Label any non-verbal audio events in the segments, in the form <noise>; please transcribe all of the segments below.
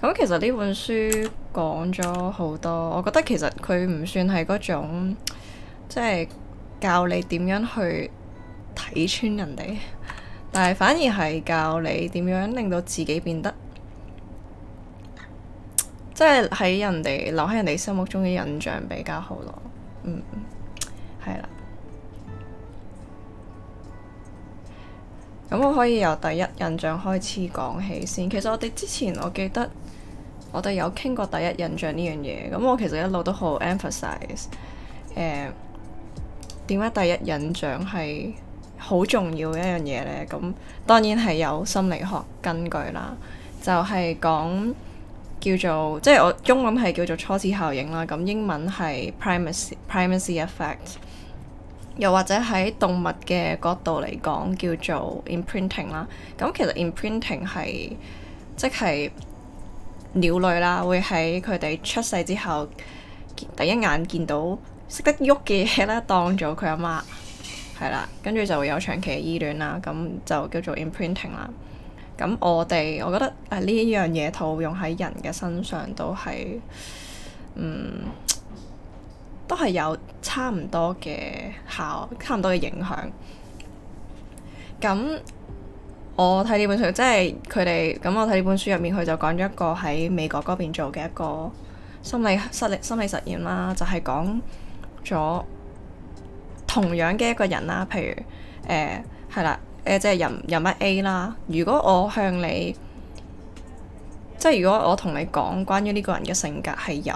咁其實呢本書講咗好多，我覺得其實佢唔算係嗰種，即係教你點樣去睇穿人哋，但係反而係教你點樣令到自己變得，即係喺人哋留喺人哋心目中嘅印象比較好咯。嗯，係啦。咁我可以由第一印象開始講起先。其實我哋之前我記得。我哋有傾過第一印象呢樣嘢，咁我其實一路都好 emphasize，誒、呃、點解第一印象係好重要一樣嘢呢？咁當然係有心理學根據啦，就係、是、講叫做，即係我中文係叫做初始效應啦，咁英文係 primacy primacy effect，又或者喺動物嘅角度嚟講叫做 imprinting 啦。咁其實 imprinting 係即係。鳥類啦，會喺佢哋出世之後，第一眼見到識得喐嘅嘢啦，當咗佢阿媽，係啦，跟住就會有長期嘅依戀啦，咁就叫做 imprinting 啦。咁我哋我覺得誒呢、啊、樣嘢套用喺人嘅身上都係，嗯，都係有差唔多嘅效，差唔多嘅影響。咁。我睇呢本書，即係佢哋咁，我睇呢本書入面佢就講咗一個喺美國嗰邊做嘅一個心理實力心理實驗啦，就係、是、講咗同樣嘅一個人啦，譬如誒係、呃、啦，誒、呃、即係人人物 A 啦。如果我向你，即係如果我同你講關於呢個人嘅性格係由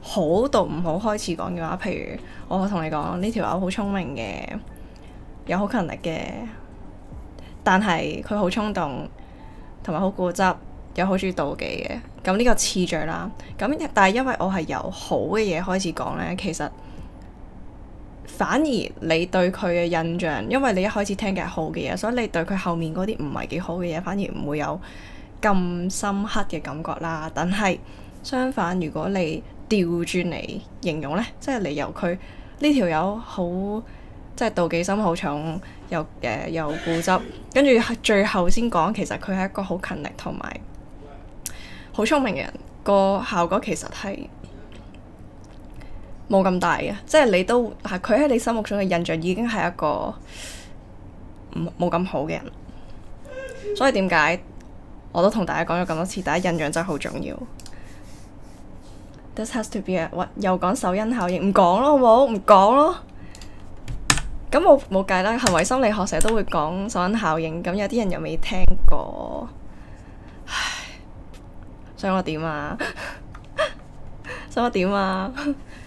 好到唔好開始講嘅話，譬如我同你講呢條友好聰明嘅，有好勤力嘅。但係佢好衝動，同埋好固執，又好中意妒忌嘅，咁呢個次序啦。咁但係因為我係由好嘅嘢開始講呢。其實反而你對佢嘅印象，因為你一開始聽嘅係好嘅嘢，所以你對佢後面嗰啲唔係幾好嘅嘢，反而唔會有咁深刻嘅感覺啦。但係相反，如果你調轉嚟形容呢，即係你由佢呢條友好。這個即係妒忌心好重，又誒又，又固執，跟住最後先講，其實佢係一個好勤力同埋好聰明嘅人。個效果其實係冇咁大嘅，即係你都，佢喺你心目中嘅印象已經係一個冇咁好嘅人。所以點解我都同大家講咗咁多次，第一印象真係好重要。This has to be a what，又講首因效應，唔講咯，好唔好？唔講咯。咁我冇計啦，行為心理學成日都會講首因效應，咁有啲人又未聽過，唉，想我點啊？想我點啊？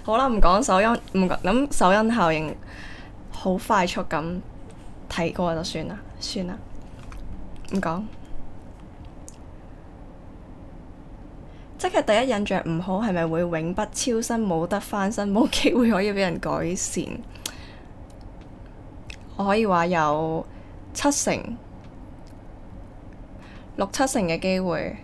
好啦，唔講首因，唔諗首因效應，好快速咁睇過就算啦，算啦，唔講，即係第一印象唔好，係咪會永不超生，冇得翻身，冇機會可以俾人改善？我可以話有七成、六七成嘅機會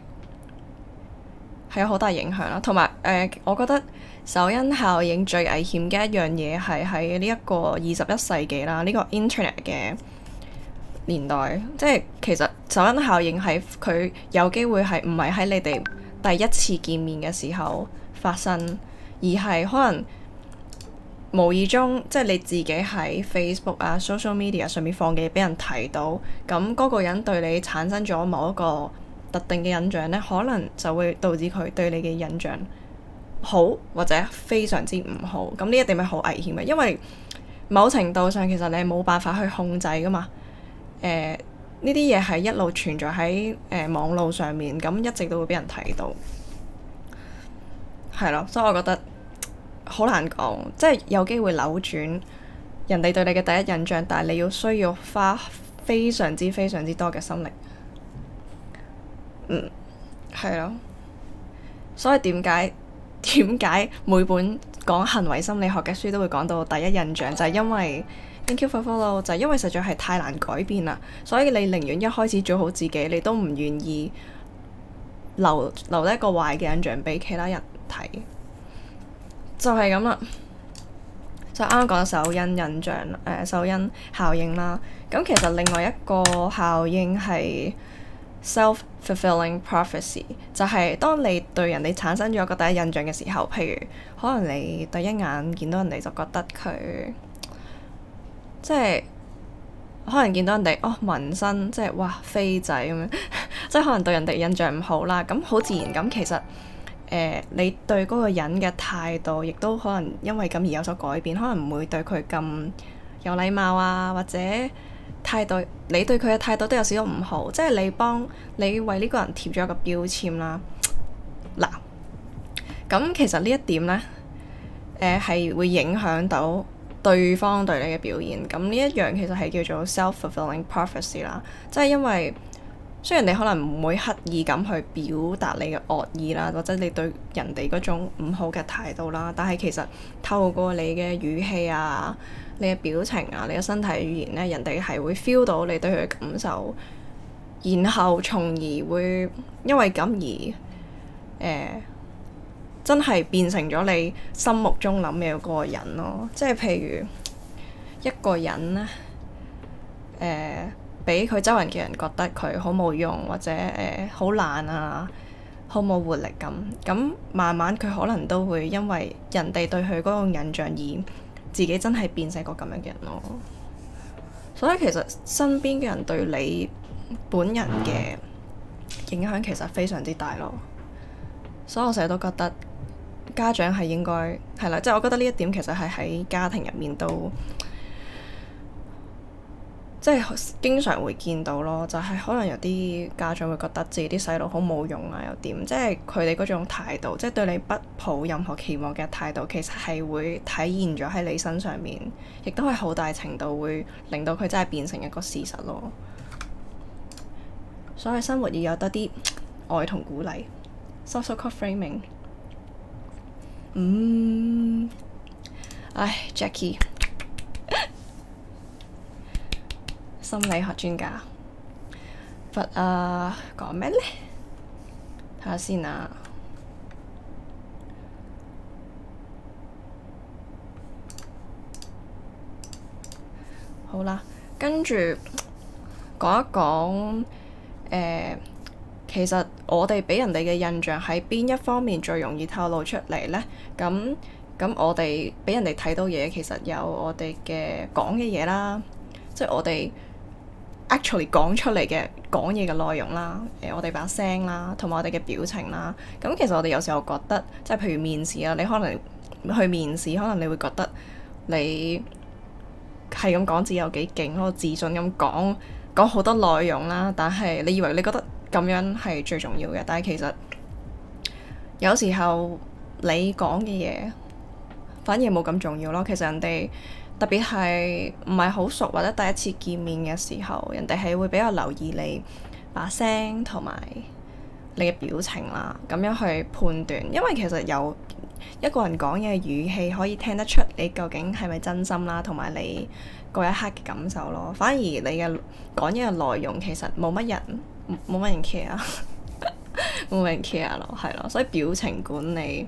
係有好大影響啦。同埋誒，我覺得首因效應最危險嘅一樣嘢係喺呢一個二十一世紀啦，呢個 Internet 嘅年代，即係其實首因效應係佢有機會係唔係喺你哋第一次見面嘅時候發生，而係可能。無意中，即係你自己喺 Facebook 啊、social media 上面放嘅嘢，俾人睇到，咁嗰個人對你產生咗某一個特定嘅印象呢，可能就會導致佢對你嘅印象好或者非常之唔好。咁呢一定係好危險嘅，因為某程度上其實你係冇辦法去控制噶嘛。呢啲嘢係一路存在喺誒、呃、網路上面，咁一直都會俾人睇到，係咯。所以我覺得。好難講，即係有機會扭轉人哋對你嘅第一印象，但係你要需要花非常之非常之多嘅心力。嗯，係咯。所以點解點解每本講行為心理學嘅書都會講到第一印象，就係因為 Thank you for follow 就係因為實在係太難改變啦。所以你寧願一開始做好自己，你都唔願意留留低一個壞嘅印象俾其他人睇。就係咁啦，就啱啱講首因印象，誒首因效應啦。咁其實另外一個效應係 self-fulfilling prophecy，就係當你對人哋產生咗個第一印象嘅時候，譬如可能你第一眼見到人哋就覺得佢，即係可能見到人哋哦紋身，即係哇飛仔咁樣，即 <laughs> 係可能對人哋印象唔好啦。咁好自然咁，其實。誒、呃，你對嗰個人嘅態度，亦都可能因為咁而有所改變，可能唔會對佢咁有禮貌啊，或者態度，你對佢嘅態度都有少少唔好，即係你幫你為呢個人貼咗一個標籤啦。嗱，咁其實呢一點呢誒係、呃、會影響到對方對你嘅表現。咁呢一樣其實係叫做 self-fulfilling prophecy 啦，即係因為。雖然你可能唔會刻意咁去表達你嘅惡意啦，或者你對人哋嗰種唔好嘅態度啦，但係其實透過你嘅語氣啊、你嘅表情啊、你嘅身體語言咧，人哋係會 feel 到你對佢嘅感受，然後從而會因為咁而誒、呃、真係變成咗你心目中諗嘅嗰個人咯。即係譬如一個人咧，誒、呃。俾佢周圍嘅人覺得佢好冇用，或者誒好懶啊，好冇活力咁，咁慢慢佢可能都會因為人哋對佢嗰種印象而自己真係變成個咁樣嘅人咯。所以其實身邊嘅人對你本人嘅影響其實非常之大咯。所以我成日都覺得家長係應該係啦，即係、就是、我覺得呢一點其實係喺家庭入面都。即係經常會見到咯，就係、是、可能有啲家長會覺得自己啲細路好冇用啊，又點？即係佢哋嗰種態度，即係對你不抱任何期望嘅態度，其實係會體現咗喺你身上面，亦都係好大程度會令到佢真係變成一個事實咯。所以生活要有得啲愛同鼓勵。Social cognitive framing，嗯，唉，Jackie。心理學專家，佛啊，講咩呢？睇下先啊！好啦，跟住講一講誒、呃，其實我哋畀人哋嘅印象喺邊一方面最容易透露出嚟呢？咁咁，我哋畀人哋睇到嘢，其實有我哋嘅講嘅嘢啦，即係我哋。Actually 講出嚟嘅講嘢嘅內容啦，誒、呃、我哋把聲啦，同埋我哋嘅表情啦，咁、嗯、其實我哋有時候覺得，即係譬如面試啊，你可能去面試，可能你會覺得你係咁講字有幾勁，好自信咁講講好多內容啦，但係你以為你覺得咁樣係最重要嘅，但係其實有時候你講嘅嘢反而冇咁重要咯，其實人哋。特別係唔係好熟或者第一次見面嘅時候，人哋係會比較留意你把聲同埋你嘅表情啦，咁樣去判斷。因為其實有一個人講嘢嘅語氣，可以聽得出你究竟係咪真心啦，同埋你嗰一刻嘅感受咯。反而你嘅講嘢嘅內容，其實冇乜人冇乜人 care，冇乜人 care 咯，係咯。所以表情管理。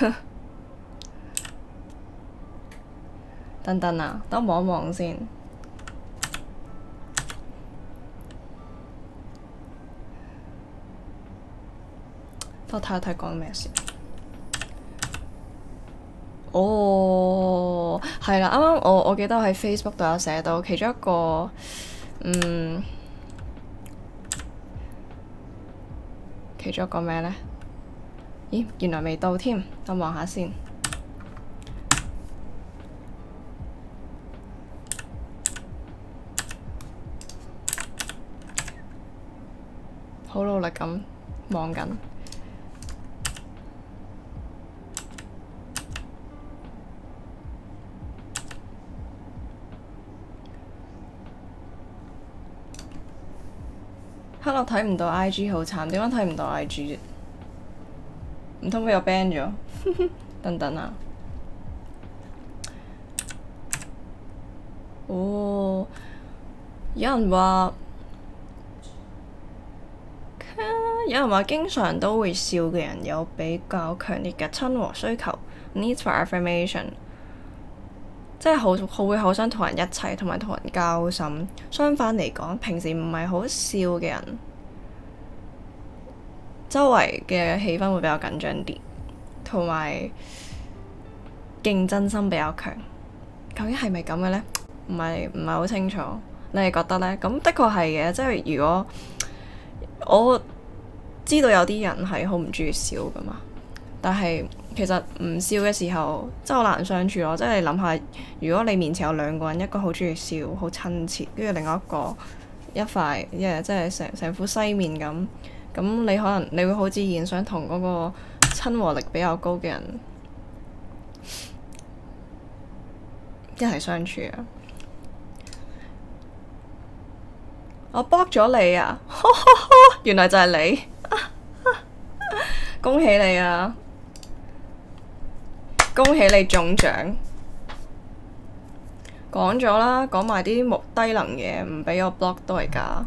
<laughs> 等等啊，等我望一望先，等我睇一睇講咩先。哦，係啦，啱啱我我記得我喺 Facebook 度有寫到其中一個，嗯，其中一個咩呢？咦，原來未到添，等望下先。好努力咁望緊，黑落睇唔到 IG 好慘，點解睇唔到 IG 啫？唔通佢又 ban 咗？ <laughs> 等等啊！哦，有人話， <laughs> 有人話經常都會笑嘅人有比較強烈嘅親和需求 （needs for affirmation），即係好好會好想同人一齊，同埋同人交心。相反嚟講，平時唔係好笑嘅人，周圍嘅氣氛會比較緊張啲，同埋競爭心比較強。究竟係咪咁嘅呢？唔係唔係好清楚。你係覺得呢？咁的確係嘅，即係如果我知道有啲人係好唔中意笑噶嘛，但係其實唔笑嘅時候真係好難相處咯。即係諗下，如果你面前有兩個人，一個好中意笑，好親切，跟住另外一個一塊，yeah, 即係成成副西面咁。咁、嗯、你可能你會好自然想同嗰個親和力比較高嘅人一齊相處啊！我 block 咗你啊， <laughs> 原來就係你 <laughs> 恭喜你啊！恭喜你中獎！講咗啦，講埋啲低能嘢，唔畀我 block 都係假。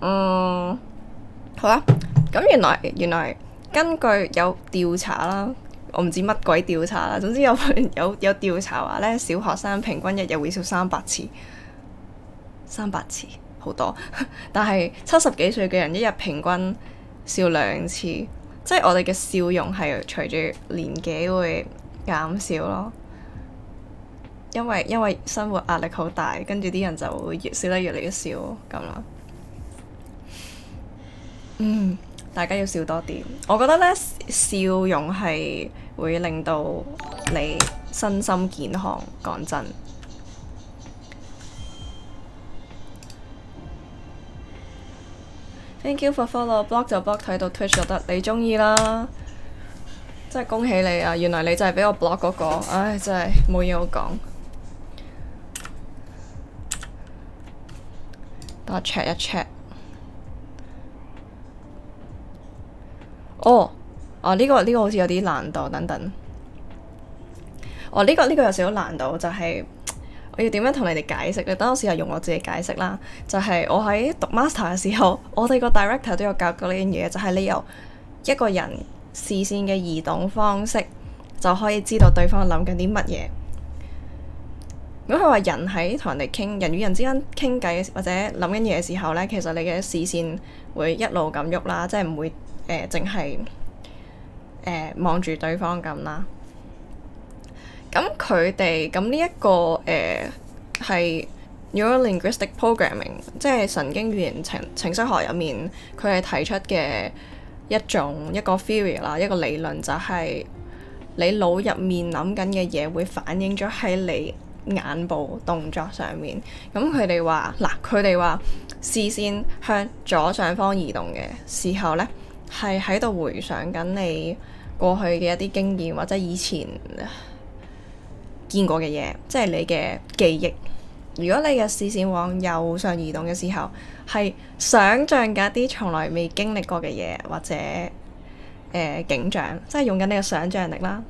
嗯。好啦，咁原來原來根據有調查啦，我唔知乜鬼調查啦，總之有有有有調查話呢，小學生平均一日會笑三百次，三百次好多，但係七十幾歲嘅人一日平均笑兩次，即係我哋嘅笑容係隨住年紀會減少咯，因為因為生活壓力好大，跟住啲人就會越笑得越嚟越少咁啦。嗯，大家要笑多啲。我覺得咧，笑容係會令到你身心健康。講真 <noise> ，Thank you for follow，block 就 block，睇到 Twitch 就得。你中意啦。真係恭喜你啊！原來你就係畀我 block 嗰個，唉，真係冇嘢好講。等我 check 一 check。哦，oh, 啊呢、這個呢、這個好似有啲難度，等等。哦、oh, 呢、這個呢、這個有少少難度，就係、是、我要點樣同你哋解釋呢？等陣時用我自己解釋啦，就係、是、我喺讀 master 嘅時候，我哋個 director 都有教過呢樣嘢，就係、是、你由一個人視線嘅移動方式就可以知道對方諗緊啲乜嘢。如果係話人喺同人哋傾，人與人之間傾偈或者諗緊嘢嘅時候呢，其實你嘅視線會一路咁喐啦，即係唔會。誒，淨係誒望住對方咁啦。咁佢哋咁呢一個誒係，Neuro- linguistic programming 即係神經語言程程式學入面，佢係提出嘅一種一個 theory 啦，一個理論就係、是、你腦入面諗緊嘅嘢會反映咗喺你眼部動作上面。咁佢哋話嗱，佢哋話視線向左上方移動嘅時候咧。係喺度回想緊你過去嘅一啲經驗，或者以前見過嘅嘢，即係你嘅記憶。如果你嘅視線往右上移動嘅時候，係想像緊一啲從來未經歷過嘅嘢，或者誒景象，即係用緊你嘅想像力啦。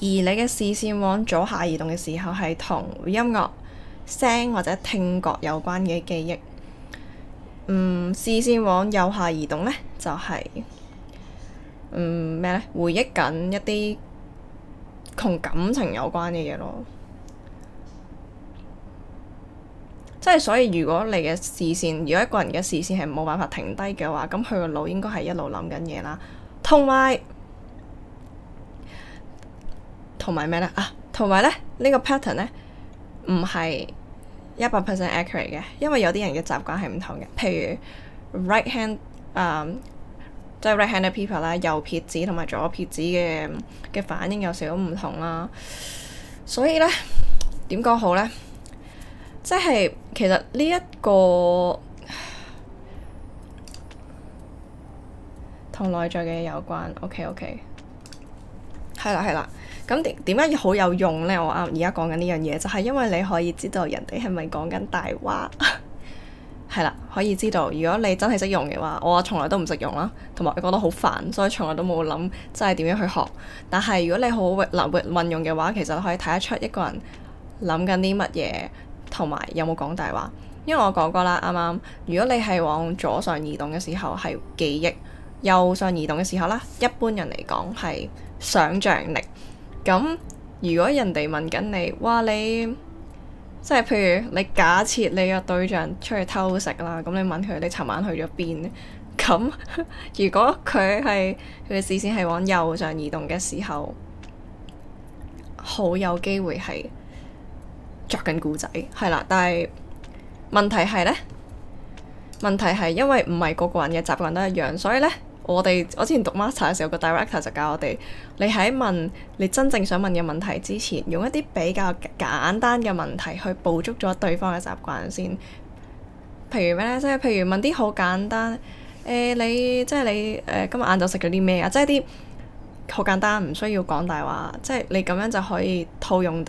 而你嘅視線往左下移動嘅時候，係同音樂聲或者聽覺有關嘅記憶。嗯，視線往右下移動呢，就係嗯咩呢？回憶緊一啲同感情有關嘅嘢咯。即係所以，如果你嘅視線，如果一個人嘅視線係冇辦法停低嘅話，咁佢個腦應該係一路諗緊嘢啦。同埋同埋咩呢？啊，同埋呢，呢個 pattern 呢，唔係。一百 percent accurate 嘅，因為有啲人嘅習慣係唔同嘅，譬如 right hand，嗯、um, right，即係 right handed people 啦，右撇子同埋左撇子嘅嘅反應有少少唔同啦。所以咧，點講好咧？即係其實呢、這、一個同內在嘅有關。OK，OK，okay, okay. 係啦，係啦。咁點解要好有用呢？我啱而家講緊呢樣嘢，就係因為你可以知道人哋係咪講緊大話，係 <laughs> 啦，可以知道。如果你真係識用嘅話，我從來都唔識用啦，同埋你覺得好煩，所以從來都冇諗真係點樣去學。但係如果你好能運用嘅話，其實可以睇得出一個人諗緊啲乜嘢，同埋有冇講大話。因為我講過啦，啱啱如果你係往左上移動嘅時候係記憶，右上移動嘅時候啦，一般人嚟講係想像力。咁如果人哋問緊你，哇你即係譬如你假設你個對象出去偷食啦，咁你問佢你尋晚去咗邊？咁如果佢係佢嘅視線係往右上移動嘅時候，好有機會係作緊故仔，係啦。但係問題係呢？問題係因為唔係個個人嘅習慣都一樣，所以呢。我哋我之前讀 master 嘅時候，個 director 就教我哋，你喺問你真正想問嘅問題之前，用一啲比較簡單嘅問題去捕捉咗對方嘅習慣先。譬如咩呢？即係譬如問啲好簡單，欸、呃、簡單，你即係你今日晏晝食咗啲咩啊？即係啲好簡單，唔需要講大話。即係你咁樣就可以套用，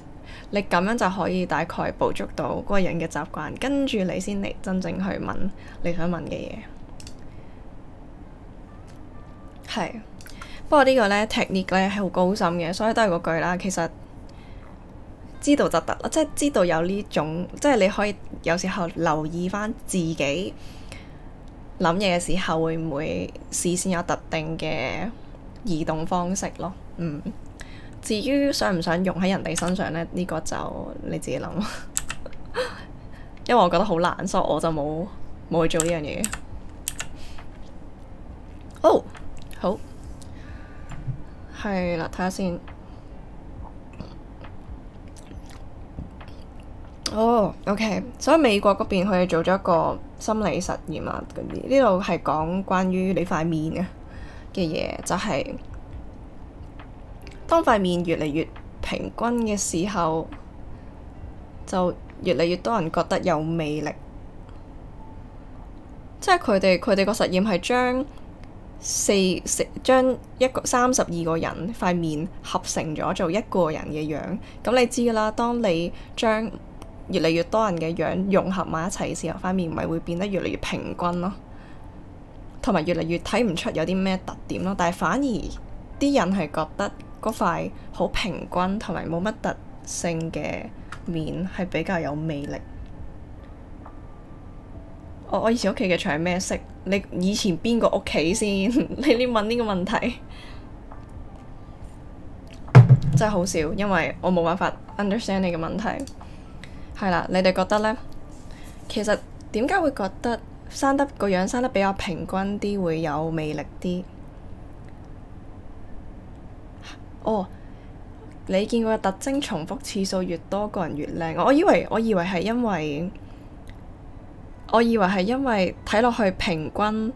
你咁樣就可以大概捕捉到嗰個人嘅習慣，跟住你先嚟真正去問你想問嘅嘢。係，不過呢個呢，technique 呢，係好高深嘅，所以都係嗰句啦。其實知道就得啦，即係知道有呢種，即係你可以有時候留意翻自己諗嘢嘅時候，會唔會視線有特定嘅移動方式咯？嗯，至於想唔想用喺人哋身上呢，呢、呢個就你自己諗， <laughs> 因為我覺得好難，所以我就冇冇去做呢樣嘢。哦、oh！好，係啦，睇下先。哦，OK，所以美國嗰邊佢哋做咗一個心理實驗啊，呢度係講關於你塊面嘅嘅嘢，就係當塊面越嚟越平均嘅時候，就越嚟越多人覺得有魅力。即係佢哋佢哋個實驗係將。四食將一個三十二個人塊面合成咗做一個人嘅樣，咁你知㗎啦。當你將越嚟越多人嘅樣融合埋一齊嘅時候，塊面咪會變得越嚟越平均咯，同埋越嚟越睇唔出有啲咩特點咯。但係反而啲人係覺得嗰塊好平均同埋冇乜特性嘅面係比較有魅力。哦、我以前屋企嘅牆係咩色？你以前邊個屋企先？你 <laughs> 你問呢個問題 <laughs> 真係好笑，因為我冇辦法 understand 你嘅問題。係 <laughs> 啦，你哋覺得咧？其實點解會覺得生得個樣生得比較平均啲會有魅力啲？ <laughs> 哦，你見過嘅特徵重複次數越多，個人越靚。我我以為我以為係因為。我以為係因為睇落去平均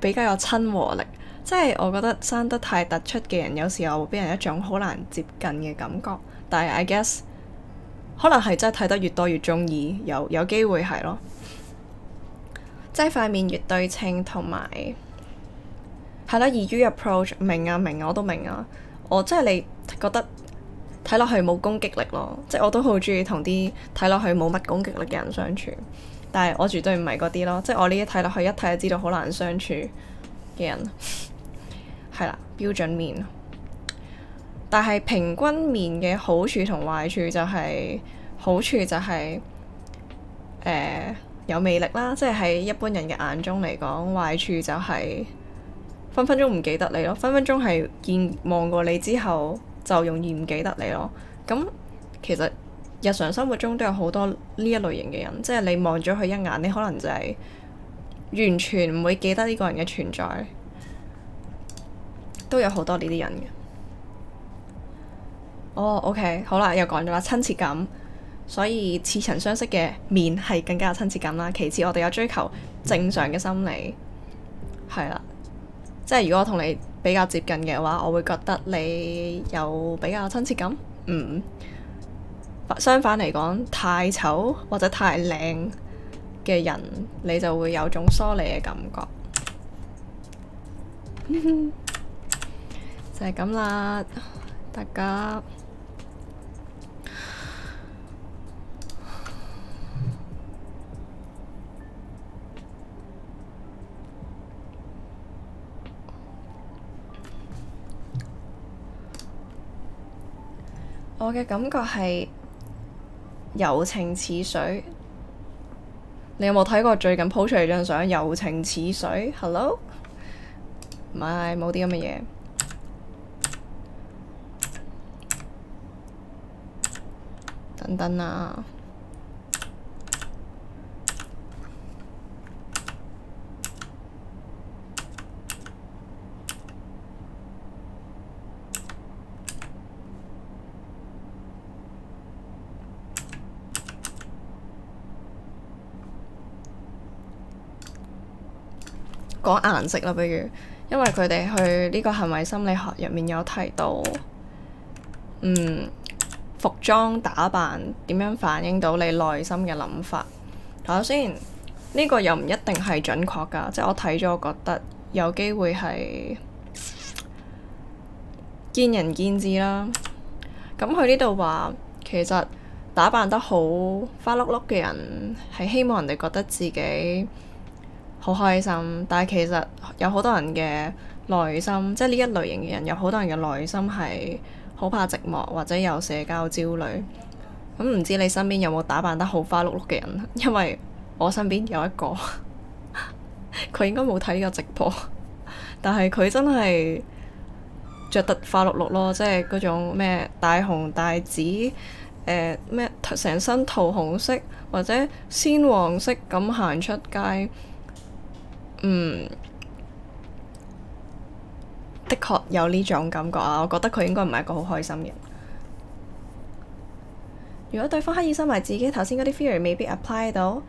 比較有親和力，即係我覺得生得太突出嘅人，有時候會俾人一種好難接近嘅感覺。但係 I guess 可能係真係睇得越多越中意，有有機會係咯。即係塊面越對稱同埋係啦，易於 approach，明啊明啊，我都明啊。我即係你覺得睇落去冇攻擊力咯，即係我都好中意同啲睇落去冇乜攻擊力嘅人相處。但係我絕對唔係嗰啲咯，即係我呢啲睇落去一睇就知道好難相處嘅人，係 <laughs> 啦 <laughs> 標準面。但係平均面嘅好處同壞處就係、是、好處就係、是、誒、呃、有魅力啦，即係喺一般人嘅眼中嚟講，壞處就係分分鐘唔記得你咯，分分鐘係見望過你之後就容易唔記得你咯。咁其實。日常生活中都有好多呢一類型嘅人，即係你望咗佢一眼，你可能就係完全唔會記得呢個人嘅存在，都有好多呢啲人嘅。哦、oh，OK，好啦，又講咗啦，親切感，所以似曾相識嘅面係更加親切感啦。其次，我哋有追求正常嘅心理，係啦，即係如果我同你比較接近嘅話，我會覺得你有比較親切感。嗯。相反嚟講，太醜或者太靚嘅人，你就會有種疏離嘅感覺。 <laughs> 就係咁啦，大家。我嘅感覺係。柔情似水，你有冇睇過最近 po 出嚟張相？柔情似水，Hello，唔係，冇啲咁嘅嘢，等等啊。講顏色啦，比如，因為佢哋去呢個行為心理學入面有提到，嗯，服裝打扮點樣反映到你內心嘅諗法。睇先，呢個又唔一定係準確㗎，即係我睇咗我覺得有機會係見仁見智啦。咁佢呢度話，其實打扮得好花碌碌嘅人，係希望人哋覺得自己好開心，但係其實有好多人嘅內心，即係呢一類型嘅人，有好多人嘅內心係好怕寂寞或者有社交焦慮。咁、嗯、唔知你身邊有冇打扮得好花碌碌嘅人？因為我身邊有一個，佢 <laughs> 應該冇睇呢個直播， <laughs> 但係佢真係着得花碌碌咯，即係嗰種咩大紅大紫，咩、呃、成身桃紅色或者鮮黃色咁行出街。嗯，的確有呢種感覺啊！我覺得佢應該唔係一個好開心嘅人。如果對方刻意收埋自己，頭先嗰啲 theory 未必 apply 到。誒、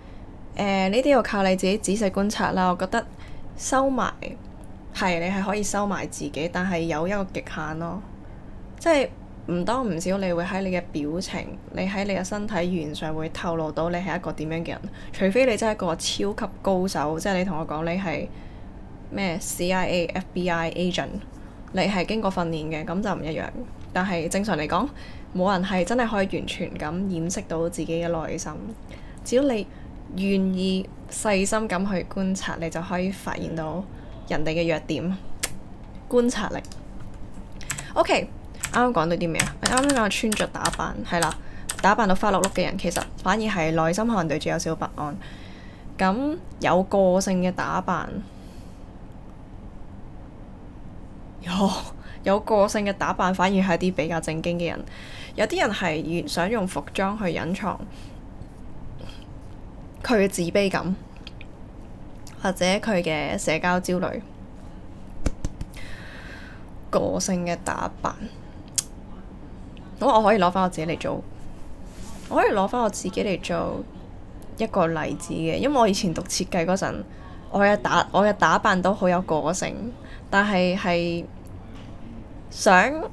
呃，呢啲要靠你自己仔細觀察啦。我覺得收埋係你係可以收埋自己，但係有一個極限咯，即係。唔多唔少，你會喺你嘅表情，你喺你嘅身體語言上會透露到你係一個點樣嘅人。除非你真係一個超級高手，即係你同我講你係咩 CIA、FBI agent，你係經過訓練嘅，咁就唔一樣。但係正常嚟講，冇人係真係可以完全咁掩飾到自己嘅內心。只要你願意細心咁去觀察，你就可以發現到人哋嘅弱點。觀察力，OK。啱啱講到啲咩啊？啱啱講嘅穿着打扮係啦，打扮到花碌碌嘅人，其實反而係內心可能對住有少少不安。咁有個性嘅打扮，有 <laughs> 有個性嘅打扮，反而係啲比較正經嘅人。有啲人係原想用服裝去隱藏佢嘅自卑感，或者佢嘅社交焦慮。個性嘅打扮。咁、哦、我可以攞翻我自己嚟做，我可以攞翻我自己嚟做一個例子嘅，因為我以前讀設計嗰陣，我嘅打我嘅打扮都好有個性，但係係想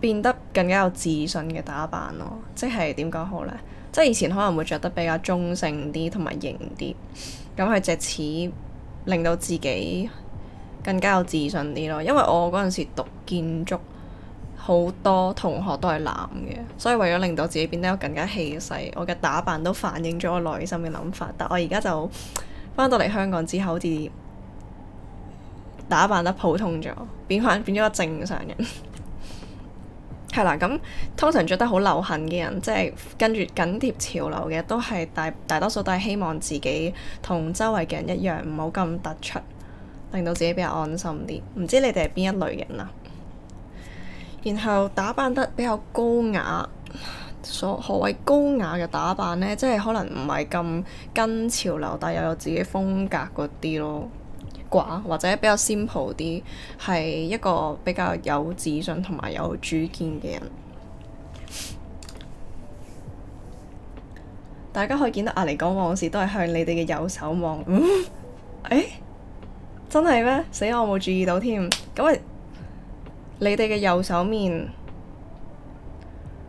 變得更加有自信嘅打扮咯，即係點講好呢？即係以前可能會着得比較中性啲同埋型啲，咁佢藉此令到自己更加有自信啲咯，因為我嗰陣時讀建築。好多同學都係男嘅，所以為咗令到自己變得更加氣勢，我嘅打扮都反映咗我內心嘅諗法。但我而家就翻到嚟香港之後，好似打扮得普通咗，變翻變咗個正常人。係 <laughs> 啦，咁通常着得好流行嘅人，即係跟住緊貼潮流嘅，都係大大多數都係希望自己同周圍嘅人一樣，唔好咁突出，令到自己比較安心啲。唔知你哋係邊一類型啊？然後打扮得比較高雅，所何謂高雅嘅打扮呢？即係可能唔係咁跟潮流，但又有自己風格嗰啲咯，啩或者比較 simple 啲，係一個比較有自信同埋有主見嘅人。大家可以見到阿尼講往事都係向你哋嘅右手望。嗯，誒，真係咩？死，我冇注意到添，咁啊！你哋嘅右手面，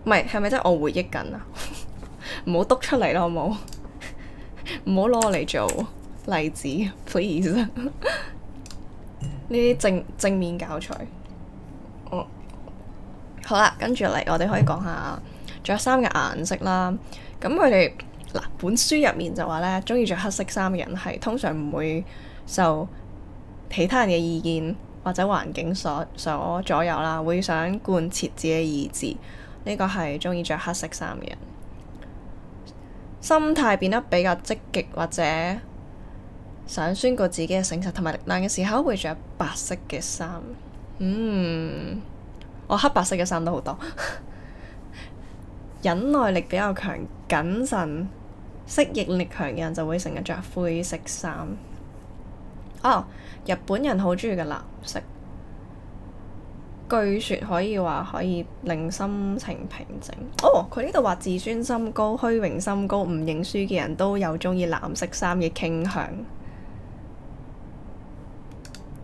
唔係，係咪真係我回憶緊啊？唔好督出嚟啦，好唔好？唔好攞我嚟做例子，please。 <laughs> 呢啲正正面教材。Oh. 好啦，跟住嚟，我哋可以講下着衫嘅顏色啦。咁佢哋嗱本書入面就話咧，鍾意着黑色衫嘅人係通常唔會受其他人嘅意見。或者環境所所左右啦，會想貫徹自己嘅意志，呢個係鍾意着黑色衫嘅人。心態變得比較積極，或者想宣佈自己嘅誠實同埋力量嘅時候，會着白色嘅衫。嗯，我黑白色嘅衫都好多。 <laughs> 忍耐力比較強、謹慎、適應力強嘅人就會成日着灰色衫。啊、哦！日本人好中意嘅藍色，據說可以話可以令心情平靜。哦，佢呢度話自尊心高、虛榮心高、唔認輸嘅人都有中意藍色衫嘅傾向。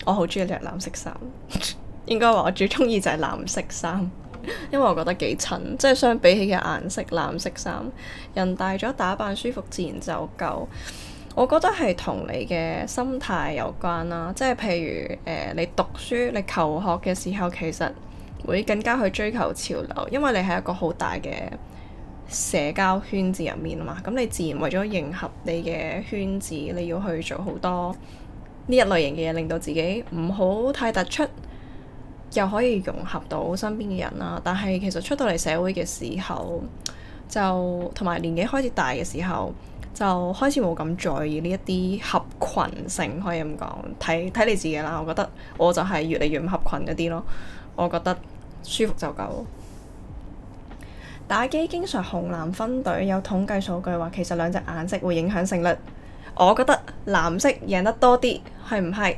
我好中意着藍色衫， <laughs> 應該話我最中意就係藍色衫， <laughs> 因為我覺得幾襯。即係相比起嘅顏色，藍色衫人大咗打扮舒服，自然就夠。我覺得係同你嘅心態有關啦，即係譬如誒、呃，你讀書、你求學嘅時候，其實會更加去追求潮流，因為你係一個好大嘅社交圈子入面啊嘛，咁你自然為咗迎合你嘅圈子，你要去做好多呢一類型嘅嘢，令到自己唔好太突出，又可以融合到身邊嘅人啦。但係其實出到嚟社會嘅時候，就同埋年紀開始大嘅時候，就開始冇咁在意呢一啲合群性，可以咁講，睇睇你自己啦。我覺得我就係越嚟越唔合群一啲咯。我覺得舒服就夠。打機經常紅藍分隊，有統計數據話，其實兩隻顏色會影響勝率。我覺得藍色贏得多啲，係唔係？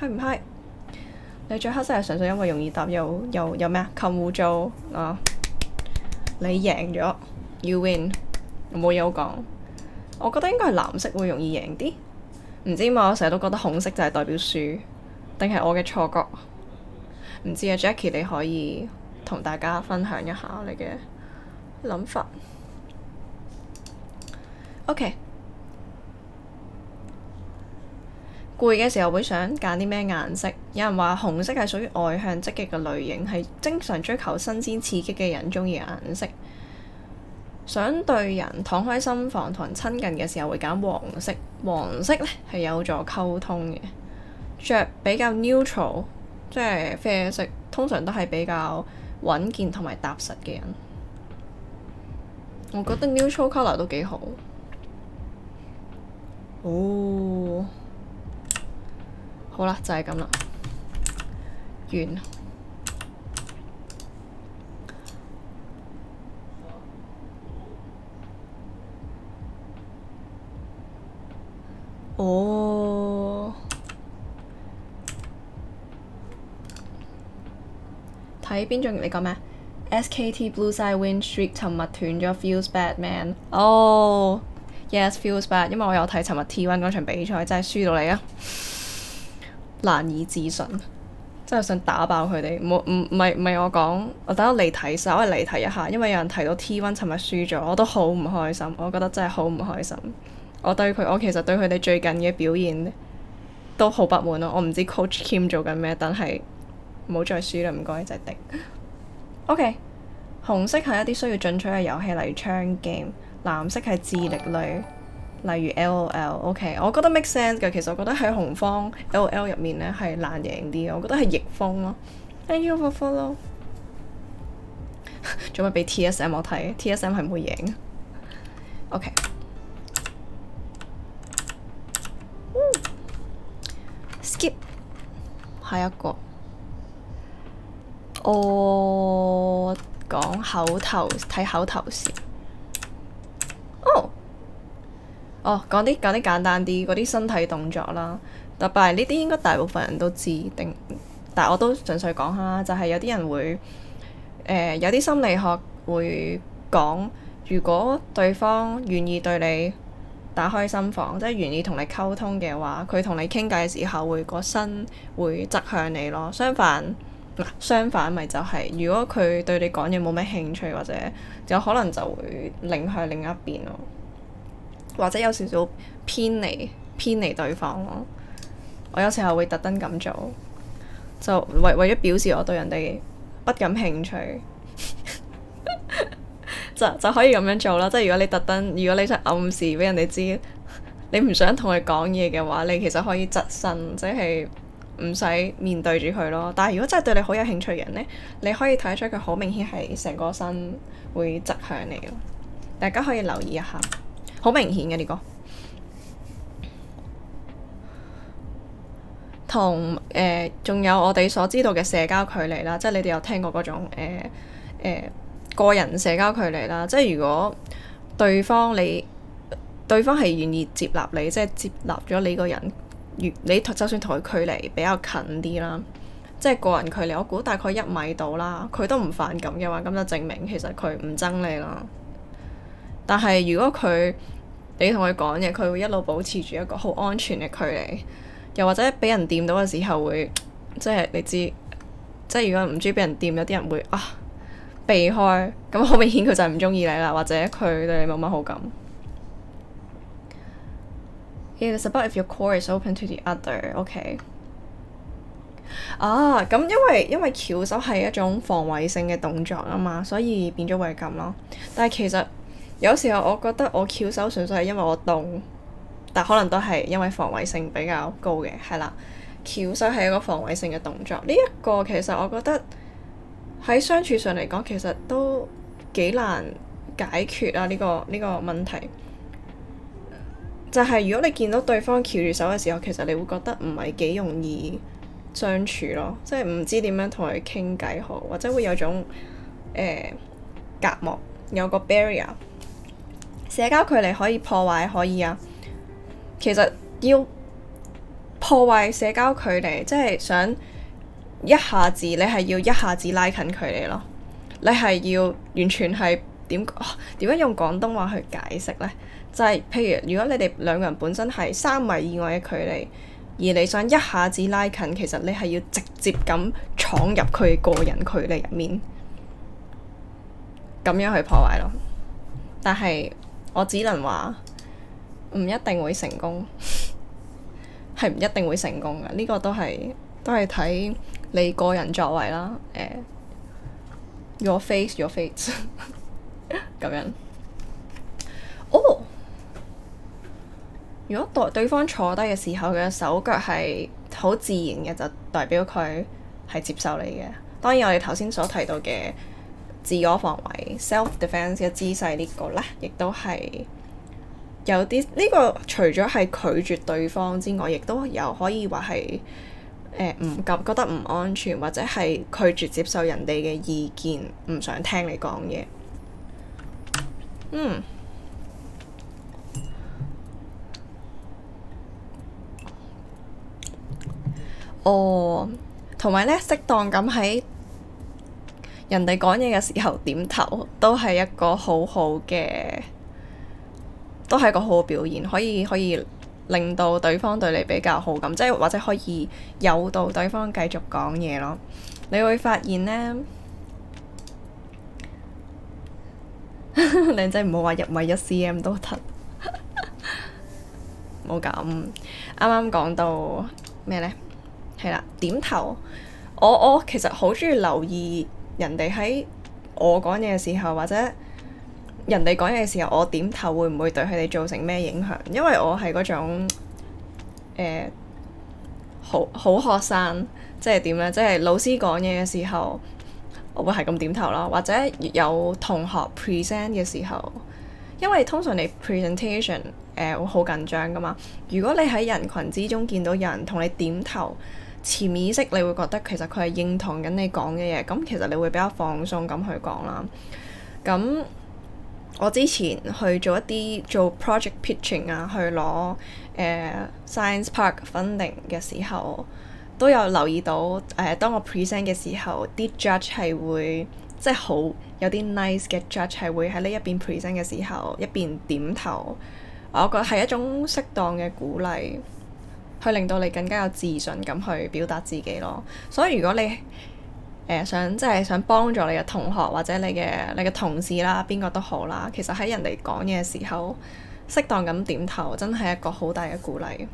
係唔係？你著黑色係純粹因為容易搭，又又有咩啊？擒污糟啊！Oh. 你贏咗，you win，我冇嘢好講。我覺得應該係藍色會容易贏啲，唔知嘛？我成日都覺得紅色就係代表輸，定係我嘅錯覺？唔知啊，Jackie 你可以同大家分享一下你嘅諗法。OK，攰嘅時候會想揀啲咩顏色？有人話紅色係屬於外向積極嘅類型，係經常追求新鮮刺激嘅人中意嘅顏色。想對人敞開心房、同人親近嘅時候，會揀黃色。黃色呢係有助溝通嘅。着比較 neutral，即係啡色，通常都係比較穩健同埋踏實嘅人。我覺得 neutral color 都幾好。哦，好啦，就係咁啦，完。哦，睇邊、oh. 種你講咩？SKT Blue Side Win Street 尋日斷咗 Feels Bad Man 哦、oh.，Yes, Feels Bad 因為我有睇尋日 T One 嗰場比賽，真係輸到你啊！難以置信，真係想打爆佢哋。冇，唔，唔係唔係我講，我等我離題，稍微離題一下，因為有人提到 T One 尋日輸咗，我都好唔開心，我覺得真係好唔開心。我對佢，我其實對佢哋最近嘅表現都好不滿咯、啊。我唔知 Coach Kim 做緊咩，但係唔好再輸啦，唔該，就係的。OK，紅色係一啲需要進取嘅遊戲，例如槍 game；藍色係智力類，例如 LOL。OK，我覺得 make sense 嘅。其實我覺得喺紅方 LOL 入面呢係難贏啲，我覺得係逆風咯、啊。Thank you for follow <laughs> 做。做乜俾 TSM 我睇？TSM 係唔會贏。OK。下一個，我、哦、講口頭睇口頭禪。哦，哦，講啲講啲簡單啲，嗰啲身體動作啦，特別呢啲應該大部分人都知，定，但我都純粹講下，就係、是、有啲人會，誒、呃，有啲心理學會講，如果對方願意對你。打開心房，即係願意同你溝通嘅話，佢同你傾偈嘅時候，會、個身會側向你咯。相反，嗱相反、就係，咪就係如果佢對你講嘢冇咩興趣，或者有可能就會擰向另一邊咯，或者有少少偏離偏離對方咯。我有時候會特登咁做，就為為咗表示我對人哋不感興趣。 <laughs> 就就可以咁樣做啦，即係如果你特登，如果你想暗示俾人哋知你唔想同佢講嘢嘅話，你其實可以側身，即係唔使面對住佢咯。但係如果真係對你好有興趣嘅人呢，你可以睇得出佢好明顯係成個身會側向你咯。大家可以留意一下，好明顯嘅呢個。同、呃、仲有我哋所知道嘅社交距離啦，即係你哋有聽過嗰種、呃呃個人社交距離啦，即係如果對方你對方係願意接納你，即係接納咗你個人，越你就算同佢距離比較近啲啦，即係個人距離，我估大概一米度啦。佢都唔反感嘅話，咁就證明其實佢唔憎你啦。但係如果佢你同佢講嘢，佢會一路保持住一個好安全嘅距離，又或者俾人掂到嘅時候會，即係你知，即係如果唔中意俾人掂，有啲人會啊。避開咁好明顯佢就係唔中意你啦，或者佢對你冇乜好感。The support of your core is open to the other. OK。啊，咁因為因為翹手係一種防衛性嘅動作啊嘛，所以變咗會咁咯。但係其實有時候我覺得我翹手純粹係因為我凍，但可能都係因為防衛性比較高嘅，係啦。翹手係一個防衛性嘅動作，呢一個其實我覺得。喺相處上嚟講，其實都幾難解決啊！呢個呢個問題，就係如果你見到對方翹住手嘅時候，其實你會覺得唔係幾容易相處咯，即係唔知點樣同佢傾偈好，或者會有種誒隔膜，有個 barrier。社交距離可以破壞可以啊，其實要破壞社交距離，即係想。一下子你係要一下子拉近距離咯，你係要完全係點點樣、啊、用廣東話去解釋呢？就係、是、譬如如果你哋兩個人本身係三米以外嘅距離，而你想一下子拉近，其實你係要直接咁闖入佢個人距離入面，咁樣去破壞咯。但係我只能話唔一定會成功，係 <laughs> 唔一定會成功嘅。呢、這個都係都係睇。你個人作為啦，誒、uh,，your face your face 咁 <laughs> 樣。哦、oh,，如果代對方坐低嘅時候，佢嘅手腳係好自然嘅，就代表佢係接受你嘅。當然，我哋頭先所提到嘅自我防衛 （self d e f e n s e 嘅姿勢呢個呢，亦都係有啲呢、這個，除咗係拒絕對方之外，亦都有可以話係。誒唔敢覺得唔安全，或者係拒絕接受人哋嘅意見，唔想聽你講嘢。嗯。哦，同埋呢，適當咁喺人哋講嘢嘅時候點頭，都係一個好好嘅，都係一個好表現，可以可以。令到對方對你比較好感，即係或者可以誘導對方繼續講嘢咯。你會發現呢，靚仔唔好話入咪一 cm 都得，冇 <laughs> 咁。啱啱講到咩呢？係啦，點頭。我我其實好鍾意留意人哋喺我講嘢嘅時候或者。人哋講嘢嘅時候，我點頭會唔會對佢哋造成咩影響？因為我係嗰種、呃、好好學生，即係點咧？即係老師講嘢嘅時候，我會係咁點頭咯。或者有同學 present 嘅時候，因為通常你 presentation 誒、呃、會好緊張㗎嘛。如果你喺人群之中見到有人同你點頭，潛意識你會覺得其實佢係認同緊你講嘅嘢，咁其實你會比較放鬆咁去講啦。咁我之前去做一啲做 project pitching 啊，去攞，uh, science park funding 嘅時候，都有留意到誒，uh, 當我 present 嘅時候，啲 judge 係會即係好有啲 nice 嘅 judge 係會喺呢一邊 present 嘅時候一邊點頭，我覺得係一種適當嘅鼓勵，去令到你更加有自信咁去表達自己咯。所以如果你，誒、呃、想即係想幫助你嘅同學或者你嘅你嘅同事啦，邊個都好啦。其實喺人哋講嘢時候，適當咁點頭真係一個好大嘅鼓勵。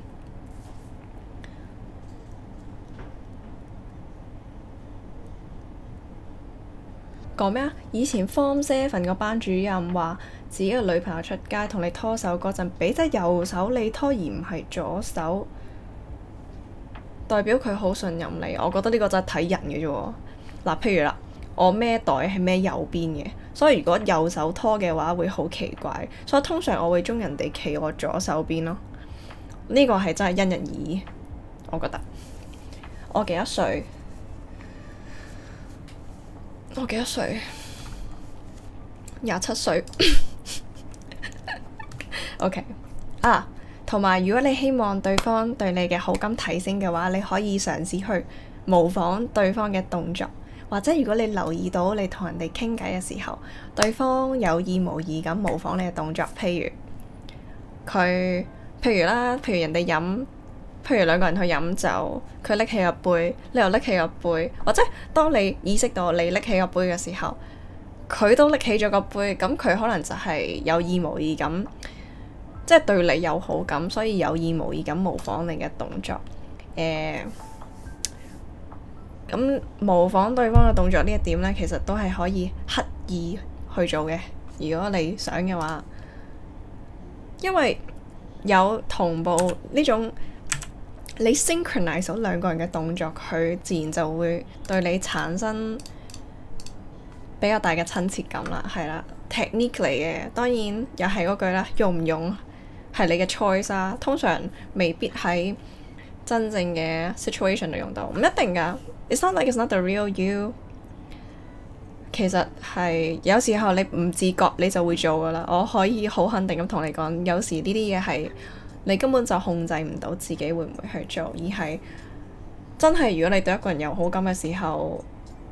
講咩啊？以前 Form Seven 個班主任話，自己個女朋友出街同你拖手嗰陣，畀隻右手你拖而唔係左手，代表佢好信任你。我覺得呢個真係睇人嘅啫喎。嗱，譬如啦，我孭袋係孭右邊嘅，所以如果右手拖嘅話會好奇怪，所以通常我會鍾人哋企我左手邊咯。呢個係真係因人而異，我覺得。我幾多歲？我幾多歲？廿七歲。 <laughs> OK。啊，同埋如果你希望對方對你嘅好感提升嘅話，你可以嘗試去模仿對方嘅動作。或者如果你留意到你同人哋傾偈嘅時候，對方有意無意咁模仿你嘅動作，譬如佢，譬如啦，譬如人哋飲，譬如兩個人去飲酒，佢拎起個杯，你又拎起個杯，或者當你意識到你拎起個杯嘅時候，佢都拎起咗個杯，咁佢可能就係有意無意咁，即係對你有好感，所以有意無意咁模仿你嘅動作，uh, 咁模仿對方嘅動作呢一點呢，其實都係可以刻意去做嘅。如果你想嘅話，因為有同步呢種，你 synchronize 咗兩個人嘅動作，佢自然就會對你產生比較大嘅親切感啦。係啦，technique 嚟嘅，當然又係嗰句啦，用唔用係你嘅 choice 啊。通常未必喺真正嘅 situation 就用到，唔一定㗎。It's not like it's not the real you。其實係有時候你唔自覺你就會做㗎啦。我可以好肯定咁同你講，有時呢啲嘢係你根本就控制唔到自己會唔會去做，而係真係如果你對一個人有好感嘅時候，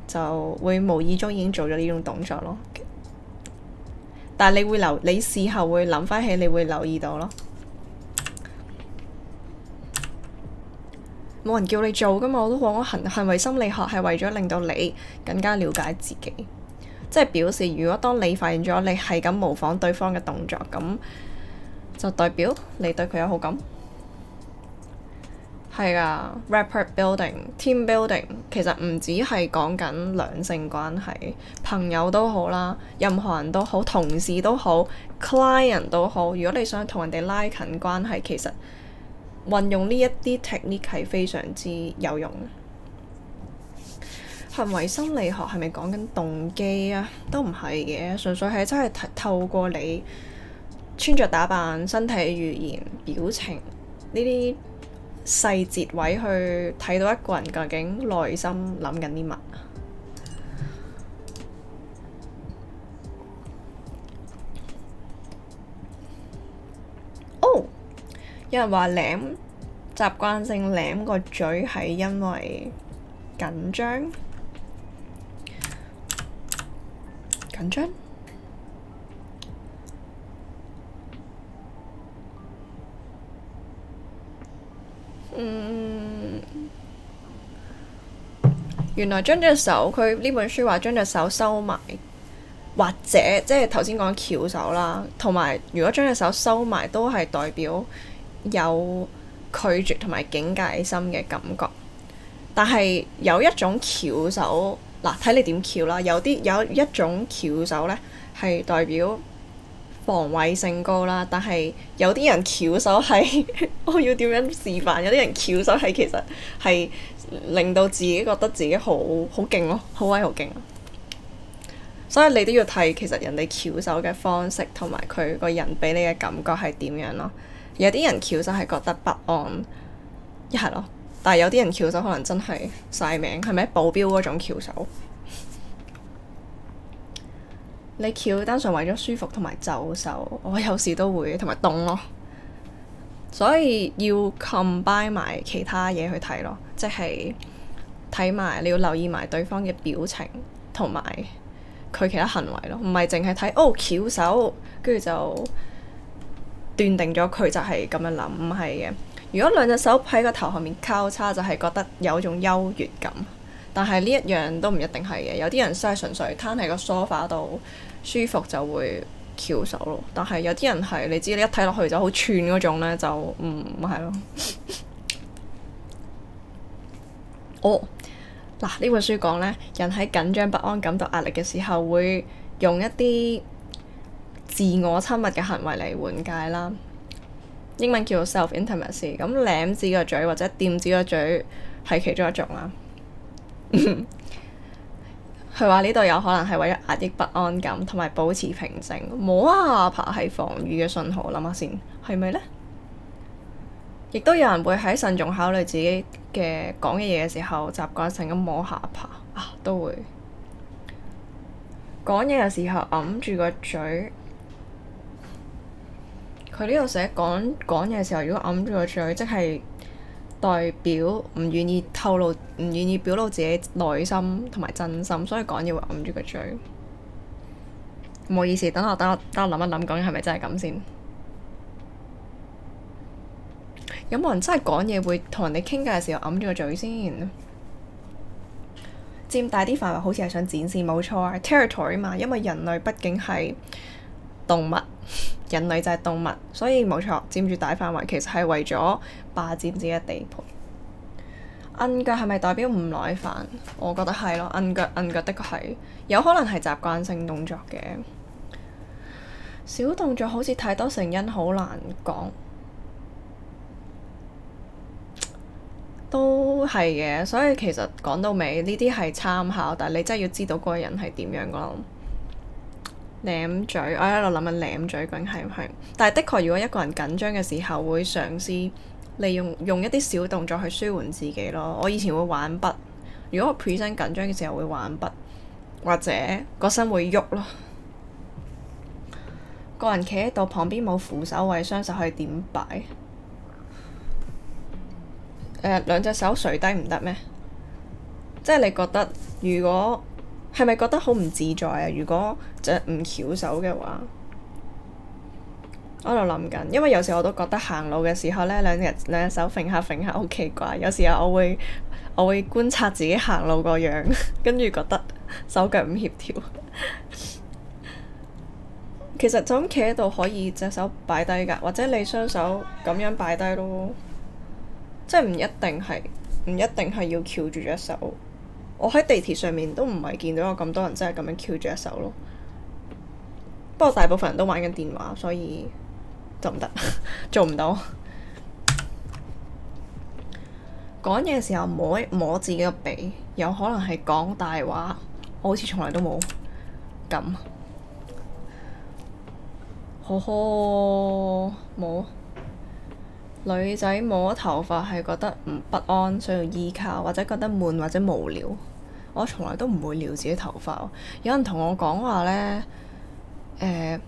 就會無意中已經做咗呢種動作咯。但係你會留，你事後會諗返起，你會留意到咯。冇人叫你做㗎嘛，我都講我行行為心理學係為咗令到你更加了解自己，即係表示如果當你發現咗你係咁模仿對方嘅動作，咁就代表你對佢有好感。係啊，rapport building、team building 其實唔止係講緊兩性關係，朋友都好啦，任何人都好，同事都好，client 都好。如果你想同人哋拉近關係，其實運用呢一啲 technique 係非常之有用。行為心理學係咪講緊動機啊？都唔係嘅，純粹係真係透過你穿着打扮、身體語言、表情呢啲細節位去睇到一個人究竟內心諗緊啲乜？哦。有人話舐習慣性舐個嘴係因為緊張緊張。嗯，原來將隻手佢呢本書話將隻手收埋，或者即係頭先講翹手啦，同埋如果將隻手收埋都係代表。有拒絕同埋警戒心嘅感覺，但係有一種翹手嗱，睇你點翹啦。有啲有一種翹手呢，係代表防衞性高啦。但係有啲人翹手係，我、 <laughs> 哦、要點樣示範？有啲人翹手係其實係令到自己覺得自己好好勁咯，好、哦、威好勁啊！所以你都要睇，其實人哋翹手嘅方式同埋佢個人俾你嘅感覺係點樣咯。有啲人翹手係覺得不安，一係咯。但係有啲人翹手可能真係晒命，係咪保鏢嗰種翹手？ <laughs> <laughs> 你翹單純為咗舒服同埋就手，我有時都會同埋凍咯。所以要 combine 埋其他嘢去睇咯，即係睇埋你要留意埋對方嘅表情同埋佢其他行為咯，唔係淨係睇哦翹手，跟住就，斷定咗佢就係咁樣諗，唔係嘅。如果兩隻手喺個頭後面交叉，就係覺得有一種優越感。但係呢一樣都唔一定係嘅，有啲人真係純粹攤喺個梳化度舒服就會翹手咯。但係有啲人係你知，你一睇落去就好串嗰種咧，就唔唔係咯。哦，嗱呢本書講呢，人喺緊張不安、感到壓力嘅時候，會用一啲。自我親密嘅行為嚟緩解啦，英文叫做 self-intimacy。咁舐自己個嘴或者掂自己個嘴係其中一種啦、啊。佢話呢度有可能係為咗壓抑不安感同埋保持平靜，摸下巴係防禦嘅信號。諗下先，係咪呢？亦都有人會喺慎重考慮自己嘅講嘅嘢嘅時候，習慣性咁摸下巴、啊、都會講嘢嘅時候揞住個嘴。佢呢度寫講講嘢嘅時候，如果揞住個嘴，即係代表唔願意透露、唔願意表露自己內心同埋真心，所以講嘢會揞住個嘴。唔好意思，等我等我等我諗一諗，講嘢係咪真係咁先？有冇人真係講嘢會同人哋傾偈嘅時候揞住個嘴先？佔大啲範圍好似係想展示冇錯啊，territory 嘛，因為人類畢竟係動物。人類就係動物，所以冇錯，佔住大範圍其實係為咗霸佔自己嘅地盤。摁腳係咪代表唔耐煩？我覺得係咯，摁腳摁腳的確係有可能係習慣性動作嘅。小動作好似太多成因，好難講。都係嘅，所以其實講到尾呢啲係參考，但係你真係要知道嗰個人係點樣㗎咯。舐嘴，我喺度諗緊舐嘴，究竟係唔係？但係的確，如果一個人緊張嘅時候，會嘗試利用用一啲小動作去舒緩自己咯。我以前會玩筆，如果我本身 presentation 緊張嘅時候會玩筆，或者個身會喐咯。個人企喺度，旁邊冇扶手位，雙手係點擺？誒、呃，兩隻手垂低唔得咩？即係你覺得，如果係咪覺得好唔自在啊？如果即唔翹手嘅話，我就諗緊，因為有時我都覺得行路嘅時候呢，兩隻兩隻手揈下揈下，好奇怪。有時候我會我會觀察自己行路個樣，跟住覺得手腳唔協調。 <laughs> 其實就咁企喺度可以隻手擺低㗎，或者你雙手咁樣擺低咯，即係唔一定係唔一定係要翹住隻手。我喺地鐵上面都唔係見到有咁多人真係咁樣翹住隻手咯。不過大部分人都玩緊電話，所以就唔得， <laughs> 做唔不到。講嘢嘅時候唔好摸自己個鼻，有可能係講大話。我好似從來都冇咁，呵， <laughs> 冇女仔摸頭髮係覺得唔不安，需要依靠，或者覺得悶，或者無聊。我從來都唔會撩自己頭髮。有人同我講話呢。誒，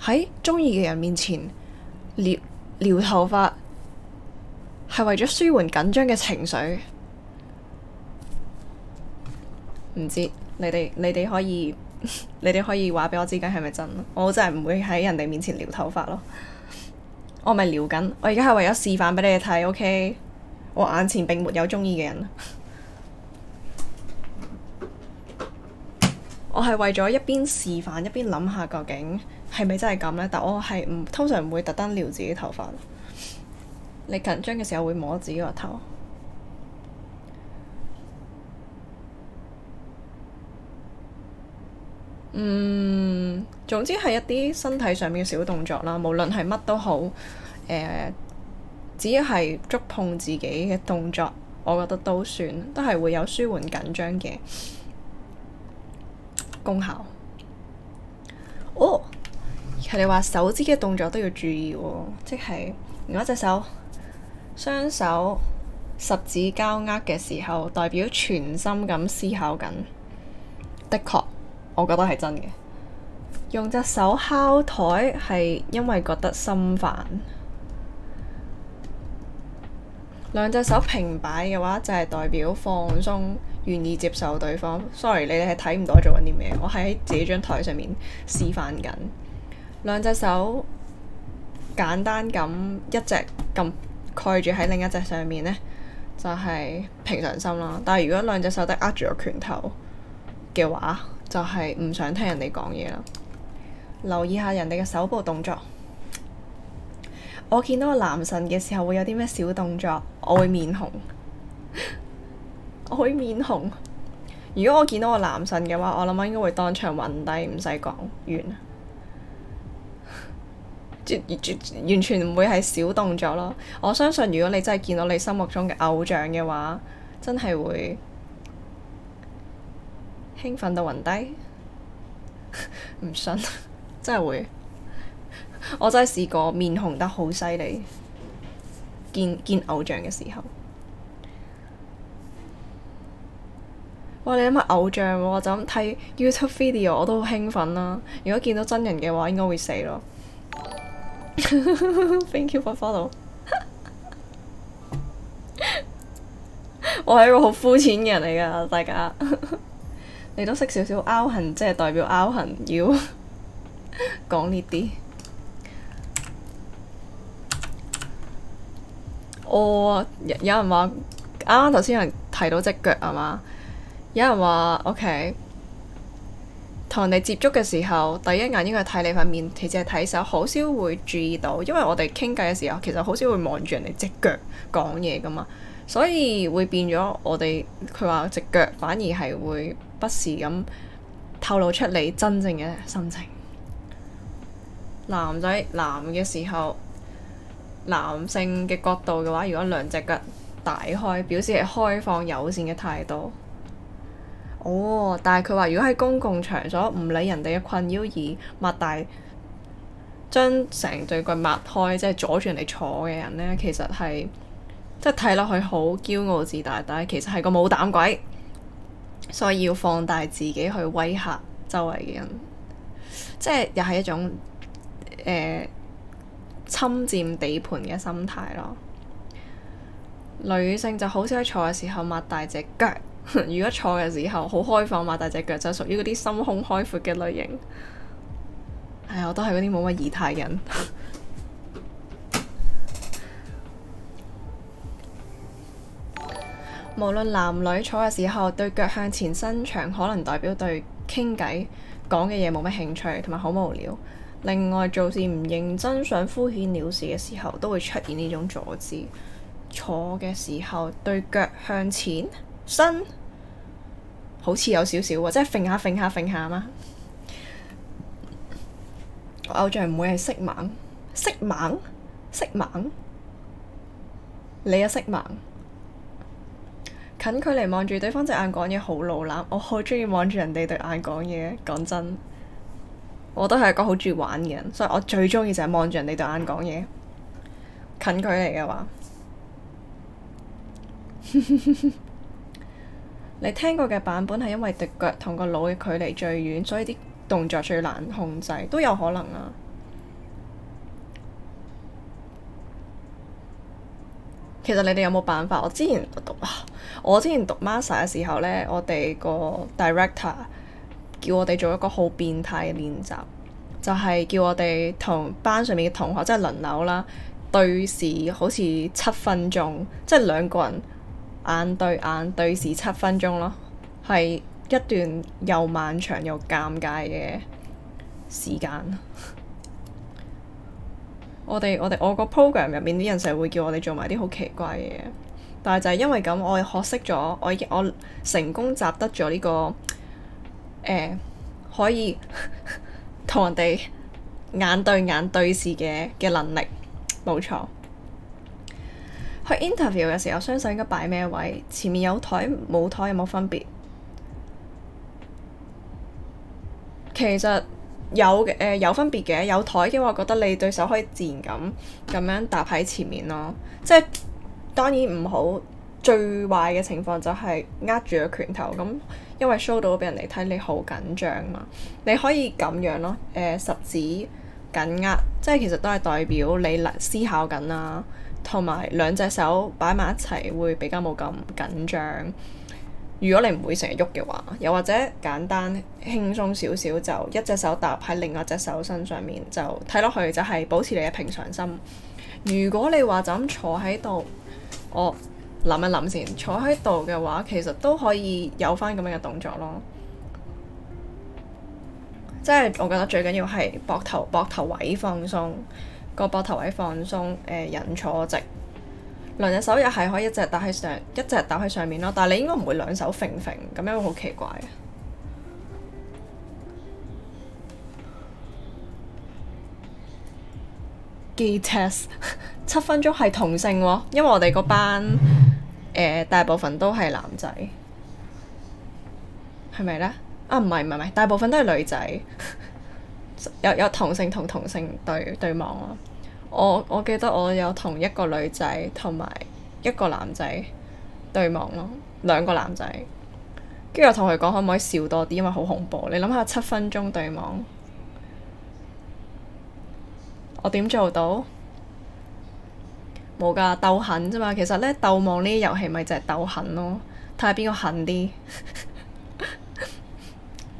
喺鍾意嘅人面前撩撩頭髮，係為咗舒緩緊張嘅情緒。唔知你哋你哋可以你哋可以話畀我知，緊係咪真？我真係唔會喺人哋面前撩頭髮咯。我咪撩緊，我而家係為咗示範畀你哋睇。OK，我眼前並沒有鍾意嘅人。我係為咗一邊示範一邊諗下究竟係咪真係咁呢？但我係唔通常唔會特登撩自己頭髮。你緊張嘅時候會摸自己個頭。嗯，總之係一啲身體上面嘅小動作啦，無論係乜都好，呃，只要係觸碰自己嘅動作，我覺得都算，都係會有舒緩緊張嘅。功效哦，佢哋話手指嘅動作都要注意喎、哦，即係如果隻手雙手十指交握嘅時候，代表全心咁思考緊。的確，我覺得係真嘅。用隻手敲枱係因為覺得心煩，兩隻手平擺嘅話就係、是、代表放鬆，願意接受對方。Sorry，你哋係睇唔到我做緊啲咩，我係喺自己張台上面示範緊兩隻手，簡單咁一隻咁蓋住喺另一隻上面呢，就係平常心啦。但係如果兩隻手都握住個拳頭嘅話，就係唔想聽人哋講嘢啦。留意下人哋嘅手部動作，我見到個男神嘅時候會有啲咩小動作？我會面紅。 <laughs> 我會面紅。如果我見到個男神嘅話，我諗我應該會當場暈低，唔使講完。 <laughs> 完全唔會係小動作咯。我相信如果你真係見到你心目中嘅偶像嘅話，真係會興奮到暈低。唔 <laughs> 不信， <laughs> 真係的會。 <laughs> 我真係試過面紅得好犀利，見見偶像嘅時候。哇！你諗係偶像喎、啊，就咁睇 YouTube video 我都好興奮啦、啊。如果見到真人嘅話，應該會死咯。 <laughs> Thank you for follow。 <laughs> 我係一個好膚淺嘅人嚟㗎，大家 <laughs> 你都識少少凹痕，即係代表凹痕要 <laughs> 講呢啲。我、oh, 有人話啱啱頭先，剛剛剛剛有人提到隻腳係嘛？有人話：O.K. 同人哋接觸嘅時候，第一眼應該睇你塊面，其次係睇手，好少會注意到。因為我哋傾偈嘅時候，其實好少會望住人哋隻腳講嘢㗎嘛，所以會變咗我哋。佢話隻腳反而係會不時咁透露出你真正嘅心情。男仔男嘅時候，男性嘅角度嘅話，如果兩隻腳大開，表示係開放友善嘅態度。哦，oh，但係佢話如果喺公共場所唔理人哋嘅困擾而擘大將成對腳擘開，即係阻住人哋坐嘅人呢，其實係即係睇落去好驕傲自大，但係其實係個冇膽鬼，所以要放大自己去威嚇周圍嘅人，即係又係一種誒、呃、侵佔地盤嘅心態咯。女性就好少喺坐嘅時候擘大隻腳。 <laughs> 如果坐嘅時候好開放，擘大隻腳就屬於嗰啲心胸開闊嘅類型。係 <laughs> 我、哎、都係嗰啲冇乜儀態人。 <laughs> <laughs> 無論男女坐嘅時候，對腳向前伸長，可能代表對傾偈講嘅嘢冇乜興趣，同埋好無聊。另外，做事唔認真，想敷衍了事嘅時候，都會出現呢種阻止。坐嘅時候對腳向前。身，好似有少少喎，即係揈下揈下揈下啊嘛！我偶像唔會係色盲，色盲，色盲，你啊色盲。近距離望住對方隻眼講嘢好老懶，我好中意望住人哋對眼講嘢。講真，我都係一個好中意玩嘅人，所以我最中意就係望住人哋對眼講嘢。近距離嘅話。 <laughs> 你聽過嘅版本係因為隻腳同個腦嘅距離最遠，所以啲動作最難控制，都有可能啊！其實你哋有冇辦法？我之前讀我之前讀 master 嘅時候呢，我哋個 director 叫我哋做一個好變態嘅練習，就係、是、叫我哋同班上面嘅同學即係、就是、輪流啦，對視好似七分鐘，即、就、係、是、兩個人。眼對眼對視七分鐘咯，係一段又漫長又尷尬嘅時間。 <laughs> 我哋我哋我個 program 入面啲人成日會叫我哋做埋啲好奇怪嘅嘢，但係就係因為咁，我學識咗，我我成功習得咗呢、呢個誒、呃、可以同 <laughs> 人哋眼對眼對視嘅嘅能力，冇錯。去 interview 嘅時候，雙手應該擺咩位？前面有台冇台有冇分別？其實有嘅，誒、呃、有分別嘅，有台嘅話，我覺得你對手可以自然咁咁樣搭喺前面咯。即係當然唔好最壞嘅情況就係握住個拳頭咁，因為 show 到俾人哋睇你好緊張嘛。你可以咁樣咯，誒、呃、十指緊握，即係其實都係代表你思考緊啦。同埋兩隻手擺埋一齊會比較冇咁緊張。如果你唔會成日喐嘅話，又或者簡單輕鬆少少，就一隻手搭喺另一隻手身上面，就睇落去就係保持你嘅平常心。如果你話就咁坐喺度，我諗一諗先。坐喺度嘅話，其實都可以有返咁樣嘅動作咯。即係我覺得最緊要係膊頭膊頭位放鬆。個膊頭位放鬆，誒、呃，人坐直，兩隻手又係可以一隻搭喺上，一隻搭喺上面咯。但係你應該唔會兩手揈揈咁樣，會好奇怪嘅。gay test <noise> 七分鐘係同性喎、哦，因為我哋嗰班誒大部分都係男仔，係咪咧？啊，唔係唔係唔係，大部分都係、啊、女仔。 <laughs> 有有同性同同性對對望咯，我我記得我有同一個女仔同埋一個男仔對望咯，兩個男仔，跟住我同佢講可唔可以笑多啲，因為好恐怖。你諗下七分鐘對望，我點做到？冇㗎，鬥狠啫嘛，其實呢鬥望呢啲遊戲咪就係鬥狠咯，睇下邊個狠啲。 <laughs>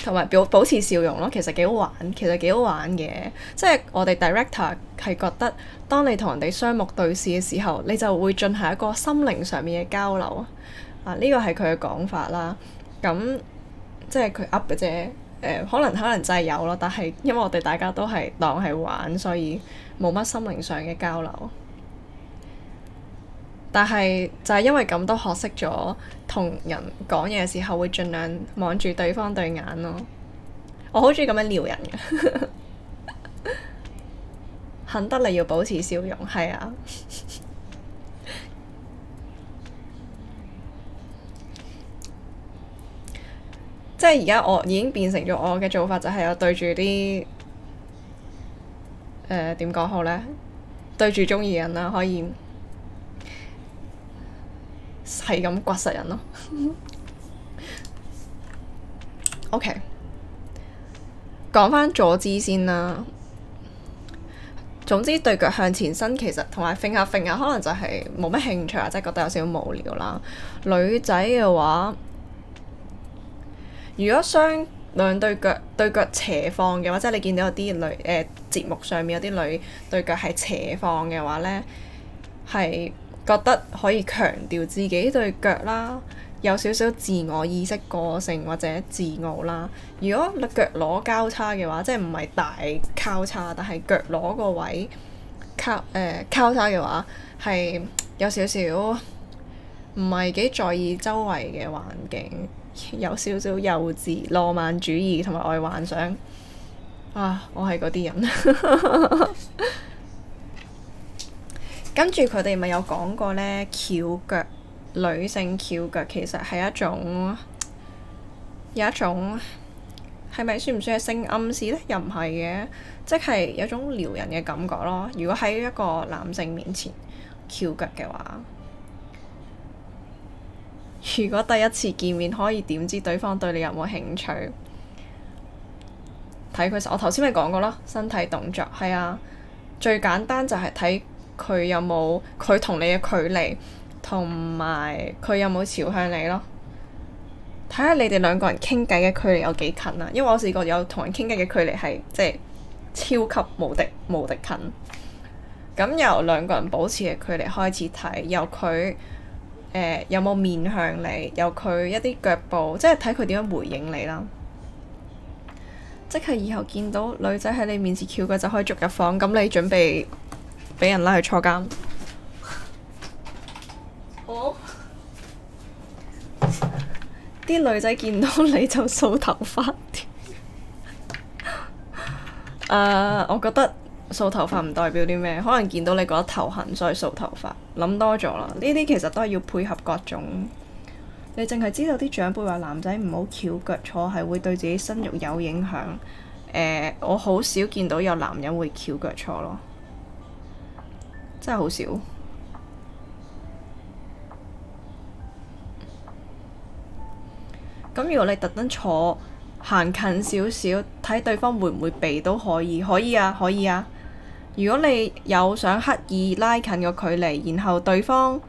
同埋保保持笑容咯，其實幾好玩，其實幾好玩嘅，即係我哋 director 係覺得，當你同人哋雙目對視嘅時候，你就會進行一個心靈上面嘅交流啊！呢個係佢嘅講法啦。咁、嗯、即係佢 up 嘅啫。可能可能真係有咯，但係因為我哋大家都係當係玩，所以冇乜心靈上嘅交流。但係就係因為咁，都學識咗同人講嘢嘅時候會盡量望住對方對眼咯，我好中意咁樣撩人嘅，肯 <laughs> 得你要保持笑容，係啊， <laughs> 即係而家我已經變成咗我嘅做法就係我對住啲，誒點講好呢？對住中意人啦，可以。係係咁刮實人咯。 <laughs> OK，講返坐姿先啦。總之對腳向前伸，其實同埋揈下揈下，可能就係冇乜興趣或者係覺得有少少無聊啦。女仔嘅話，如果雙兩對腳對腳斜放嘅話，即係你見到有啲女誒、呃、節目上面有啲女對腳係斜放嘅話咧，係。覺得可以強調自己對腳啦，有少少自我意識、個性或者自傲啦。如果腳踝交叉嘅話，即係唔係大交叉，但係腳踝個位交、呃、交叉嘅話，係有少少唔係幾在意周圍嘅環境，有少少幼稚、浪漫主義同埋愛幻想。啊，我係嗰啲人。 <laughs> 跟住佢哋咪有講過呢，翹腳，女性翹腳其實係一種，有一種係咪算唔算係性暗示呢？又唔係嘅，即係有種撩人嘅感覺咯。如果喺一個男性面前翹腳嘅話，如果第一次見面可以點知對方對你有冇興趣？睇佢，我頭先咪講過咯，身體動作係啊，最簡單就係睇。佢有冇佢同你嘅距離，同埋佢有冇朝向你咯？睇下你哋兩個人傾偈嘅距離有幾近啊！因為我試過有同人傾偈嘅距離係即係超級無敵無敵近。咁由兩個人保持嘅距離開始睇，由佢誒、呃、有冇面向你，由佢一啲腳步，即係睇佢點樣回應你啦。即係以後見到女仔喺你面前翹腳，就可以逐入房。咁你準備？俾人拉去坐監、 <laughs> 哦。我啲女仔見到你就掃頭髮。我覺得掃頭髮唔代表啲咩，可能見到你覺得頭痕，所以掃頭髮。諗多咗啦，呢啲其實都係要配合各種。你淨係知道啲長輩話男仔唔好翹腳坐，係會對自己身肉有影響，呃。我好少見到有男人會翹腳坐咯。真係好少。咁如果你特登坐行近少少，睇對方會唔會避都可以，可以啊，可以啊。如果你有想刻意拉近個距離，然後對方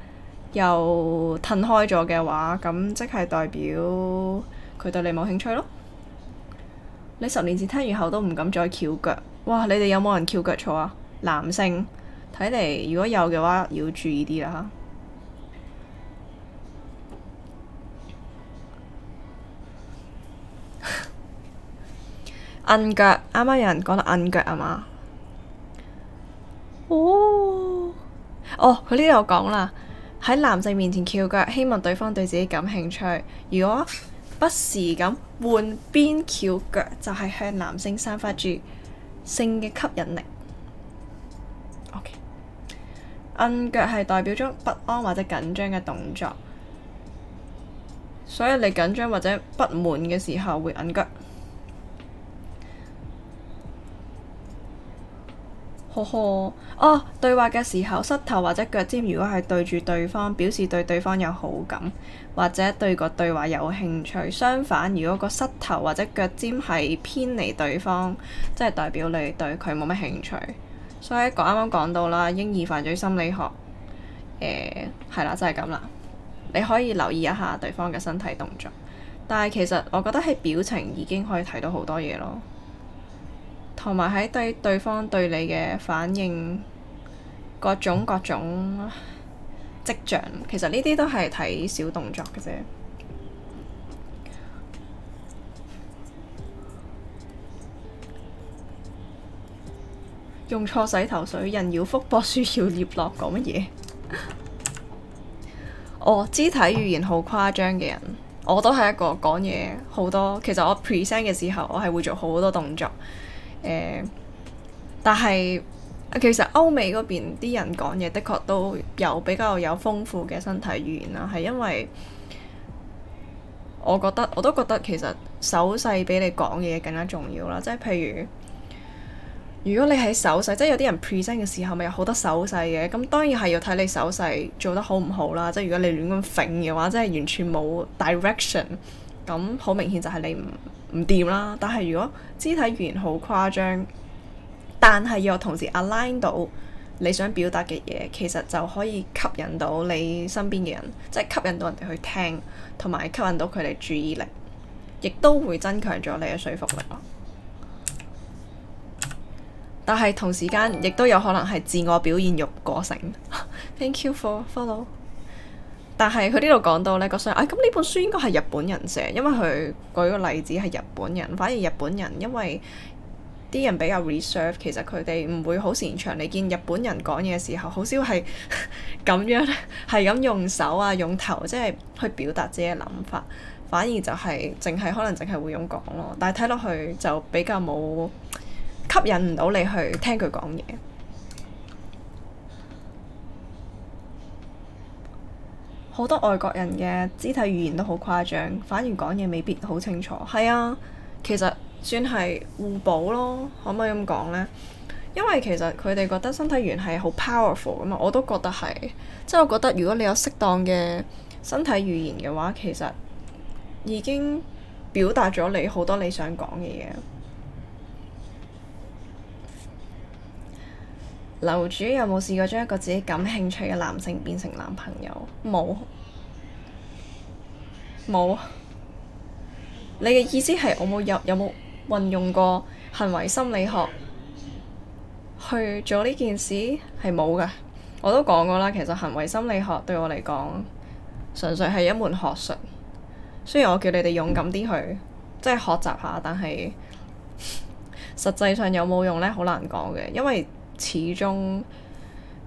又褪開咗嘅話，咁即係代表佢對你冇興趣咯。你十年前聽完後都唔敢再翹腳。嘩！你哋有冇人翹腳坐啊？男性。睇嚟如果有嘅話，要注意啲啦嚇。韌、 <laughs> 嗯、腳啱啱有人講到韌、嗯、腳係嘛、嗯哦？哦，佢呢度我講啦。喺男性面前翹腳，希望對方對自己感興趣。如果不時咁換邊翹腳，就係向男性散發住性嘅吸引力。摁腳係代表咗不安或者緊張嘅動作，所以你緊張或者不滿嘅時候會摁腳。呵呵，哦，對話嘅時候，膝頭或者腳尖如果係對住對方，表示對對方有好感，或者對個對話有興趣。相反，如果個膝頭或者腳尖係偏離對方，即係代表你對佢冇乜興趣。所以我啱啱講到啦，嬰兒犯罪心理學，誒係啦，就係咁啦。你可以留意一下對方嘅身體動作，但係其實我覺得喺表情已經可以睇到好多嘢咯。同埋喺對對方對你嘅反應，各種各種跡象，其實呢啲都係睇小動作嘅啫。用錯洗頭水，人妖腹搏樹要葉落，講乜嘢？哦，肢體語言好誇張嘅人，我都係一個講嘢好多。其實我 present 嘅時候，我係會做好多動作。誒、呃，但係其實歐美嗰邊啲人講嘢，的確都有比較有豐富嘅身體語言啦。係因為我覺得，我都覺得其實手勢比你講嘢更加重要啦。即係譬如。如果你喺手勢，即係有啲人 present 嘅時候，咪有好多手勢嘅，咁當然係要睇你手勢做得好唔好啦。即係如果你亂咁揈嘅話，即係完全冇 direction，咁好明顯就係你唔唔掂啦。但係如果肢體語言好誇張，但係又同時 align 到你想表達嘅嘢，其實就可以吸引到你身邊嘅人，即係吸引到人哋去聽，同埋吸引到佢哋注意力，亦都會增強咗你嘅說服力咯。但係同時間亦都有可能係自我表現欲過剩。 <laughs> Thank you for follow。但係佢呢度講到呢、呢個書，啊咁呢本書應該係日本人寫，因為佢舉個例子係日本人，反而日本人因為啲人比較 reserve 其實佢哋唔會好擅長。你見日本人講嘢嘅時候，好少係咁樣，係 <laughs> 咁用手啊、用頭即係、就是、去表達自己嘅諗法，反而就係淨係可能淨係會用講咯。但係睇落去就比較冇。吸引唔到你去聽佢講嘢，好多外國人嘅肢體語言都好誇張，反而講嘢未必好清楚。係啊，其實算係互補咯，可唔可以咁講呢？因為其實佢哋覺得身體語言係好 powerful 噶嘛，我都覺得係，即係我覺得如果你有適當嘅身體語言嘅話，其實已經表達咗你好多你想講嘅嘢。樓主有冇試過將一個自己感興趣嘅男性變成男朋友？冇，冇。你嘅意思係我有冇，有冇運用過行為心理學去做呢件事？係冇㗎。我都講過啦，其實行為心理學對我嚟講，純粹係一門學術。雖然我叫你哋勇敢啲去，即係學習下，但係實際上有冇用呢？好難講嘅，因為，始終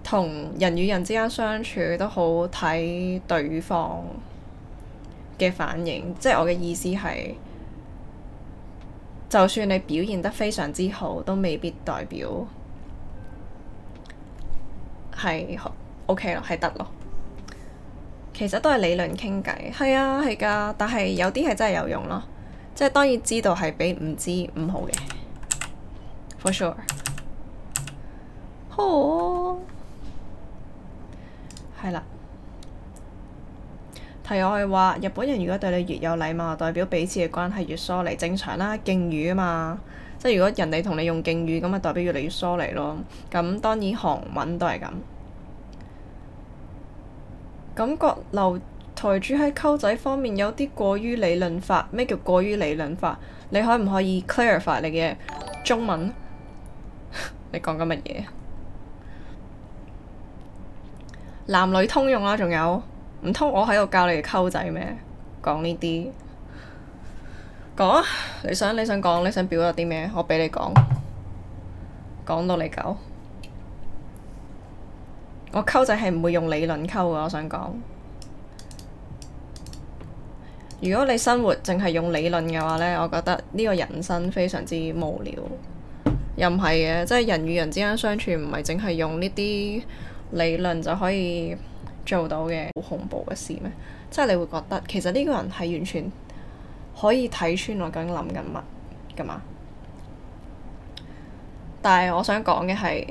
同人與人之間相處都好睇對方嘅反應，即係我嘅意思係，就算你表現得非常之好，都未必代表係 OK 咯，係得咯。其實都係理論傾偈，係啊，係㗎，但係有啲係真係有用咯，即係當然知道係比唔知唔好嘅，for sure。哦，係啦。Oh。題外話，日本人如果對你越有禮貌，代表彼此嘅關係越疏離，正常啦。敬語啊嘛，即係如果人哋同你用敬語，咁咪代表越嚟越疏離咯。咁當然韓文都係咁。感覺樓台主喺溝仔方面有啲過於理論化。咩叫過於理論化？你可唔可以 clarify 你嘅中文？ <laughs> 你講緊乜嘢？男女通用啦、啊，仲有唔通我喺度教你哋溝仔咩？講呢啲，講、啊、你想你想講你想表達啲咩？我俾你講，講到你狗，我溝仔係唔會用理論溝嘅。我想講，如果你生活淨係用理論嘅話呢，我覺得呢個人生非常之無聊，又唔係嘅，即係人與人之間相處唔係淨係用呢啲。理論就可以做到嘅好恐怖嘅事咩？即係你會覺得其實呢個人係完全可以睇穿我究竟諗緊乜㗎嘛。但係我想講嘅係，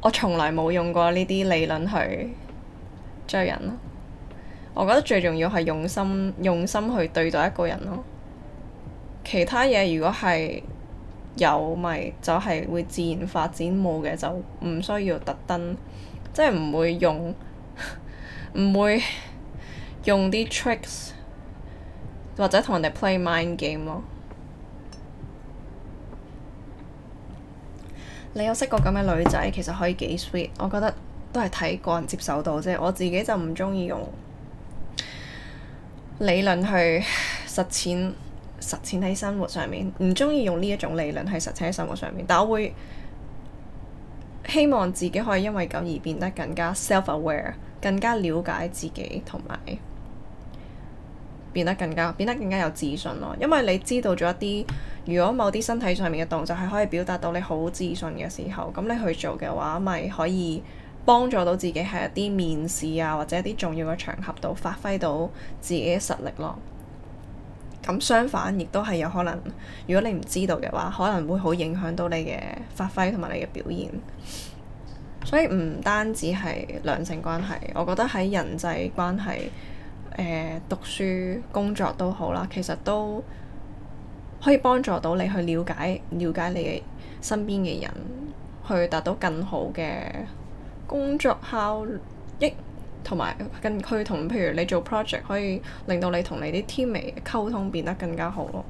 我從來冇用過呢啲理論去追人咯。我覺得最重要係用心，用心去對待一個人咯。其他嘢如果係有咪就係、是、會自然發展，冇嘅就唔需要特登，即係唔會用唔 <laughs> 會用啲 tricks，或者同人哋 play mind game 咯。你有識過咁嘅女仔，其實可以幾 sweet，我覺得都係睇個人接受到啫。我自己就唔中意用理論去實踐。實踐喺生活上面，唔中意用呢一種理論喺實踐喺生活上面，但我會希望自己可以因為咁而變得更加 self-aware，更加了解自己，同埋變得更加變得更加有自信咯。因為你知道咗一啲，如果某啲身體上面嘅動作係可以表達到你好自信嘅時候，咁你去做嘅話，咪可以幫助到自己喺一啲面試啊，或者一啲重要嘅場合度發揮到自己嘅實力咯、啊。咁相反，亦都係有可能，如果你唔知道嘅話，可能會好影響到你嘅發揮同埋你嘅表現。所以唔單止係兩性關係，我覺得喺人際關係、誒、讀書、工作都好啦，其實都可以幫助到你去了解、了解你嘅身邊嘅人，去達到更好嘅工作效益。同埋近距離同，譬如你做 project，可以令到你同你啲 teammate 溝通變得更加好咯。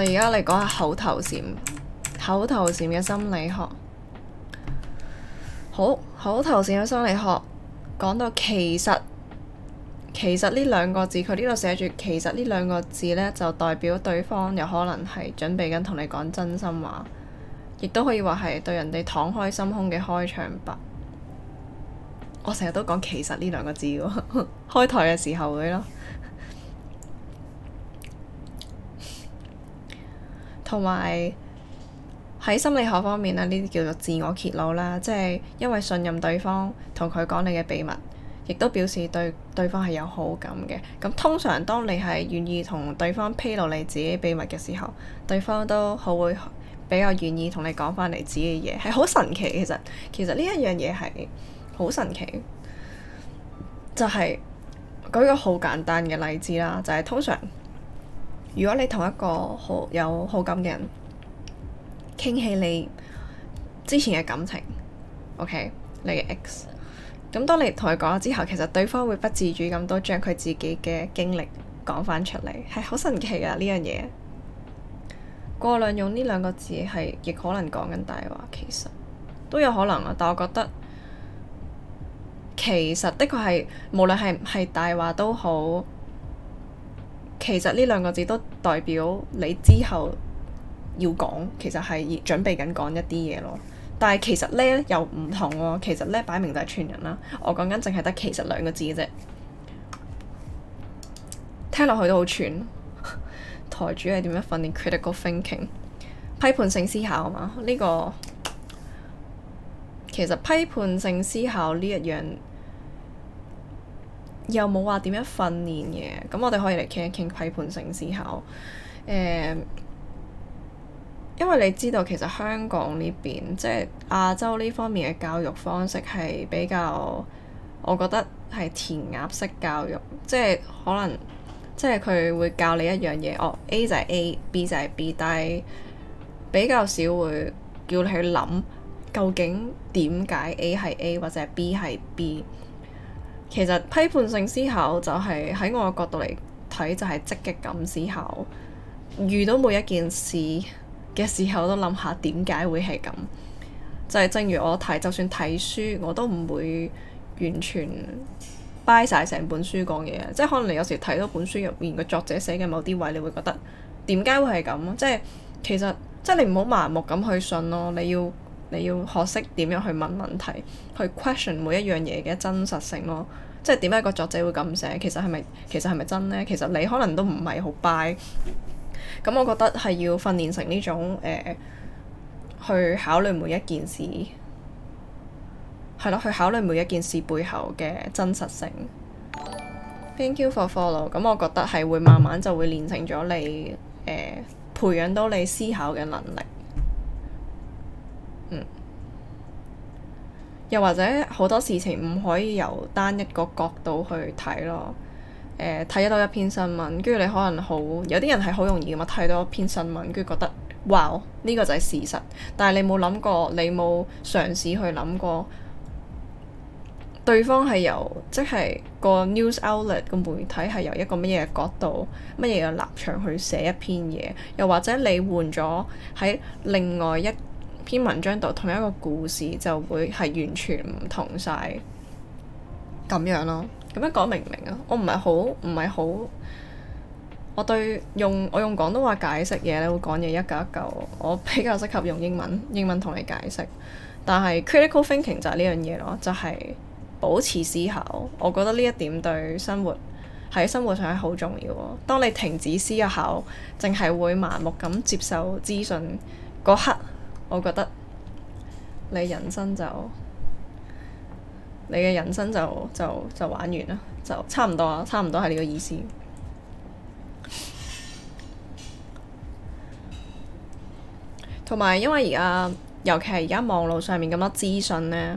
我而家嚟講下口頭禪，口頭禪嘅心理學，好口頭禪嘅心理學講到其實其實呢兩個字，佢呢度寫住其實呢兩個字呢，就代表對方有可能係準備緊同你講真心話，亦都可以話係對人哋敞開心胸嘅開場白。我成日都講其實呢兩個字喎，開台嘅時候會咯。同埋喺心理學方面啦，呢啲叫做自我揭露啦，即係因為信任對方，同佢講你嘅秘密，亦都表示對對方係有好感嘅。咁通常，當你係願意同對方披露你自己秘密嘅時候，對方都好會比較願意同你講翻你自己嘅嘢，係好神奇。其實其實呢一樣嘢係好神奇，就係舉個好簡單嘅例子啦，就係通常。如果你同一個好有好感嘅人傾起你之前嘅感情，OK，你嘅 X，咁當你同佢講咗之後，其實對方會不自主咁都將佢自己嘅經歷講返出嚟，係好神奇㗎呢樣嘢。過量用呢兩個字係，亦可能講緊大話，其實都有可能啊。但我覺得，其實的確係，無論係唔係大話都好。其實呢兩個字都代表你之後要講，其實係準備緊講一啲嘢咯。但係其實呢又唔同喎。其實呢擺明就係串人啦。我講緊淨係得其實兩個字嘅啫，聽落去都好串。台主係點樣訓練 critical thinking 批判性思考啊嘛？呢個其實批判性思考呢一樣。又冇話點樣訓練嘅，咁我哋可以嚟傾一傾批判性思考。誒、嗯，因為你知道其實香港呢邊即係亞洲呢方面嘅教育方式係比較，我覺得係填鴨式教育，即係可能即係佢會教你一樣嘢，哦 A 就係 A，B 就係 B，但係比較少會叫你去諗究竟點解 A 係 A 或者 B 係 B。其實批判性思考就係喺我嘅角度嚟睇，就係積極咁思考。遇到每一件事嘅時候，都諗下點解會係咁。就係正如我睇，就算睇書，我都唔會完全 buy 晒成本書講嘢。即係可能你有時睇到本書入面個作者寫嘅某啲位，你會覺得點解會係咁？即係其實即係你唔好盲目咁去信咯，你要。你要學識點樣去問問題，去 question 每一樣嘢嘅真實性咯，即係點解個作者會咁寫？其實係咪其實係咪真呢？其實你可能都唔係好 buy。咁、嗯、我覺得係要訓練成呢種誒、呃，去考慮每一件事，係咯，去考慮每一件事背後嘅真實性。Thank you for follow、嗯。咁我覺得係會慢慢就會練成咗你、呃、培養到你思考嘅能力。又或者好多事情唔可以由單一個角度去睇咯，誒、呃、睇到一篇新聞，跟住你可能好有啲人係好容易咁睇到一篇新聞，跟住覺得哇呢、呢個就係事實。但係你冇諗過，你冇嘗試去諗過對方係由即係個 news outlet 個媒體係由一個乜嘢角度、乜嘢嘅立場去寫一篇嘢，又或者你換咗喺另外一篇文章度，同一個故事就會係完全唔同晒。咁樣咯。咁樣講明唔明啊？我唔係好，唔係好。我對用我用廣東話解釋嘢咧，會講嘢一嚿一嚿。我比較適合用英文，英文同你解釋。但係 critical thinking 就係呢樣嘢咯，就係、是、保持思考。我覺得呢一點對生活喺生活上係好重要。當你停止思考，淨係會盲目咁接受資訊嗰刻。我覺得你人生就你嘅人生就就就玩完啦，就差唔多啊，差唔多係呢個意思。同埋因為而家，尤其係而家網路上面咁多資訊呢，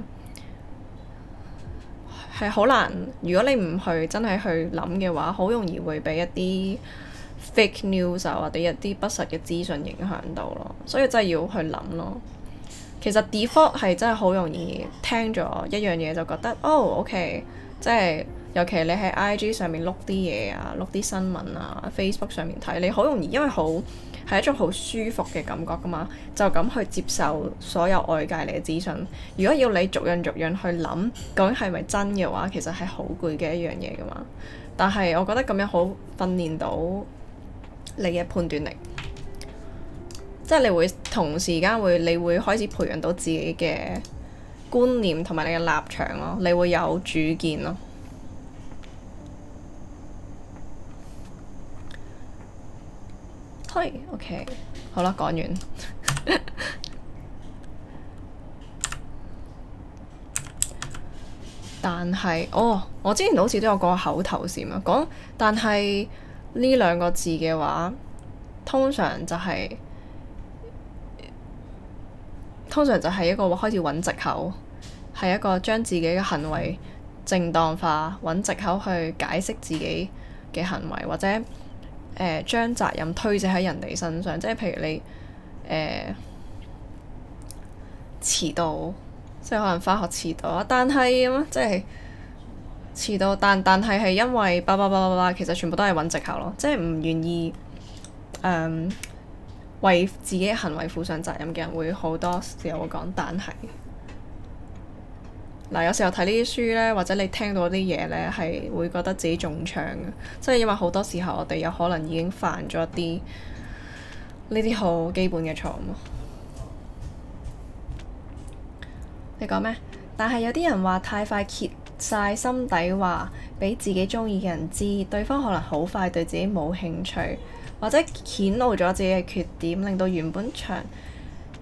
係好難。如果你唔去真係去諗嘅話，好容易會俾一啲。Fake news 啊，或者一啲不實嘅資訊影響到咯，所以真係要去諗咯。其實 default 係真係好容易聽咗一樣嘢就覺得哦，oh，OK，即係尤其你喺 IG 上面碌啲嘢啊，碌啲新聞啊，Facebook 上面睇你好容易，因為好係一種好舒服嘅感覺噶嘛，就咁去接受所有外界嚟嘅資訊。如果要你逐樣逐樣去諗，究竟係咪真嘅話，其實係好攰嘅一樣嘢噶嘛。但係我覺得咁樣好訓練到。你嘅判斷力，即係你會同時間會，你會開始培養到自己嘅觀念同埋你嘅立場咯，你會有主見咯。係嘿，OK，好啦，講完。 <laughs> 但係，哦，我之前好似都有講過口頭禪啊，講但係。呢兩個字嘅話，通常就係、是，通常就係一個開始揾藉口，係一個將自己嘅行為正當化，揾藉口去解釋自己嘅行為，或者誒將、呃、責任推卸喺人哋身上，即係譬如你誒遲、呃、到，即係可能返學遲到，但係咁啊，即係。遲到，但但係係因為，巴拉巴拉巴拉，其實全部都係揾藉口咯，即係唔願意誒、嗯、為自己嘅行為負上責任嘅人會好多時候會講，但係嗱、呃，有時候睇呢啲書呢，或者你聽到啲嘢呢，係會覺得自己中槍，即係因為好多時候我哋有可能已經犯咗啲呢啲好基本嘅錯誤。你講咩？但係有啲人話太快揭晒心底話，俾自己中意嘅人知，對方可能好快對自己冇興趣，或者揭露咗自己嘅缺點，令到原本長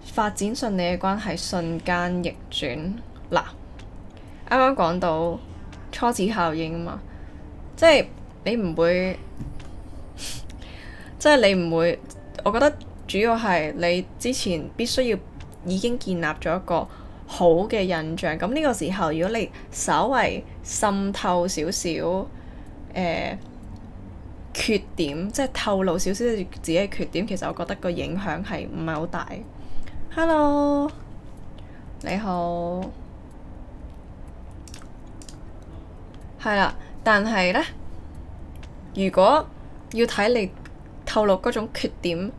發展順利嘅關係瞬間逆轉。嗱，啱啱講到初始效應啊嘛，即係你唔會， <laughs> 即係你唔會，我覺得主要係你之前必須要已經建立咗一個。好嘅印象，咁呢個時候，如果你稍為滲透少少，誒、呃、缺點，即係透露少少自己嘅缺點，其實我覺得個影響係唔係好大。Hello，你好，係啦，但係呢，如果要睇你透露嗰種缺點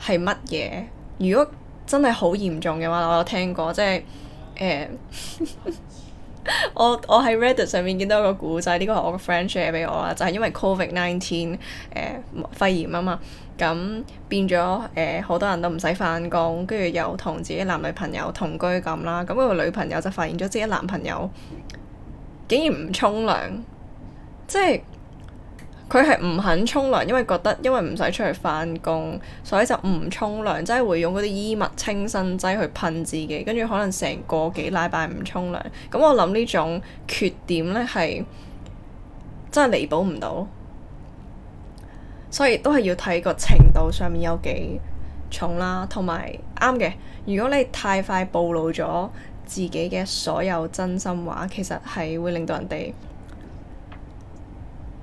係乜嘢，如果真係好嚴重嘅話，我有聽過，即係。Uh, <laughs> 我我喺 Reddit 上面見到一個古仔，呢個係我個 friend share 俾我啦，就係、是、因為 Covid Nineteen、uh, 肺炎啊嘛，咁變咗好、uh, 多人都唔使返工，跟住又同自己男女朋友同居咁啦，咁、那、佢個女朋友就發現咗自己男朋友竟然唔沖涼，即係。佢係唔肯沖涼，因為覺得因為唔使出去返工，所以就唔沖涼，即係會用嗰啲衣物清新劑去噴自己，跟住可能成個幾禮拜唔沖涼。咁我諗呢種缺點呢係真係彌補唔到，所以都係要睇個程度上面有幾重啦。同埋啱嘅，如果你太快暴露咗自己嘅所有真心話，其實係會令到人哋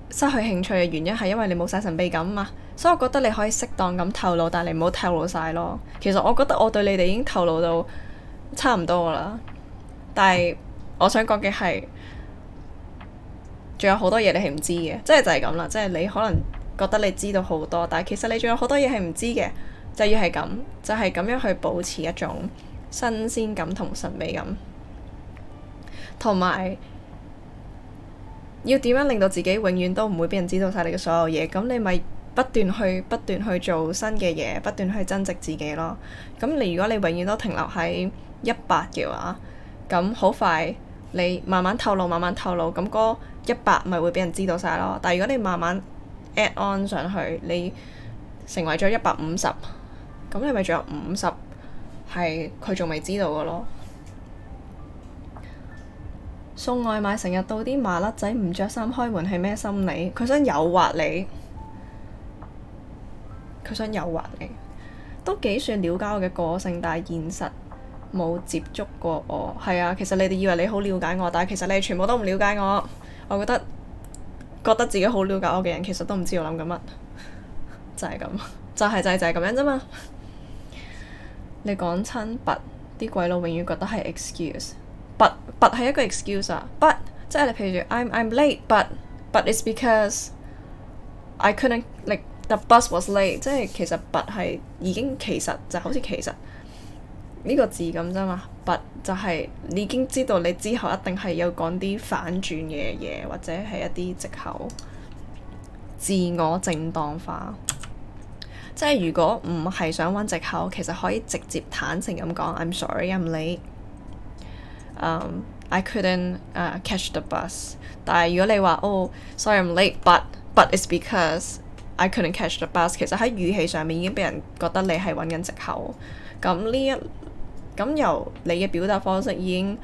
失去興趣嘅原因係因為你冇晒神秘感啊嘛，所以我覺得你可以適當咁透露，但係你唔好透露晒咯。其實我覺得我對你哋已經透露到差唔多啦，但係我想講嘅係，仲有好多嘢你係唔知嘅，即係就係咁啦，即係你可能覺得你知道好多，但係其實你仲有好多嘢係唔知嘅，就要係咁，就係咁樣去保持一種新鮮感同神秘感，同埋。要點樣令到自己永遠都唔會俾人知道晒你嘅所有嘢？咁你咪不斷去不斷去做新嘅嘢，不斷去增值自己咯。咁你如果你永遠都停留喺一百嘅話，咁好快你慢慢透露，慢慢透露，咁嗰一百咪會俾人知道晒咯。但係如果你慢慢 add on 上去，你成為咗一百五十，咁你咪仲有五十係佢仲未知道嘅咯。送外賣成日到啲麻甩仔唔着衫開門係咩心理？佢想誘惑你，佢想誘惑你，都幾算了解我嘅個性，但係現實冇接觸過我。係啊，其實你哋以為你好了解我，但係其實你哋全部都唔了解我。我覺得覺得自己好了解我嘅人，其實都唔知我諗緊乜，就係咁，就係就係就係咁樣啫嘛。你講親白，啲鬼佬永遠覺得係 excuse。but but 係一個 excuse 啊，but 即係你譬如，I'm I'm late，but but, but it's because I couldn't like the bus was late 即。即係其實 but 係已經其實就好似其實呢、呢個字咁啫嘛 but 就係、係、你已經知道你之後一定係有講啲反轉嘅嘢，或者係一啲藉口，自我正當化。即係如果唔係想揾藉口，其實可以直接坦誠咁講，I'm sorry，I'm late。Um, I couldn't, uh, catch the bus。但係如果你話哦，oh，sorry，I'm late，but but, but it's because I couldn't catch the bus。其實喺語氣上面已經俾人覺得你係揾緊藉口。咁呢一，咁由你嘅表達方式已經、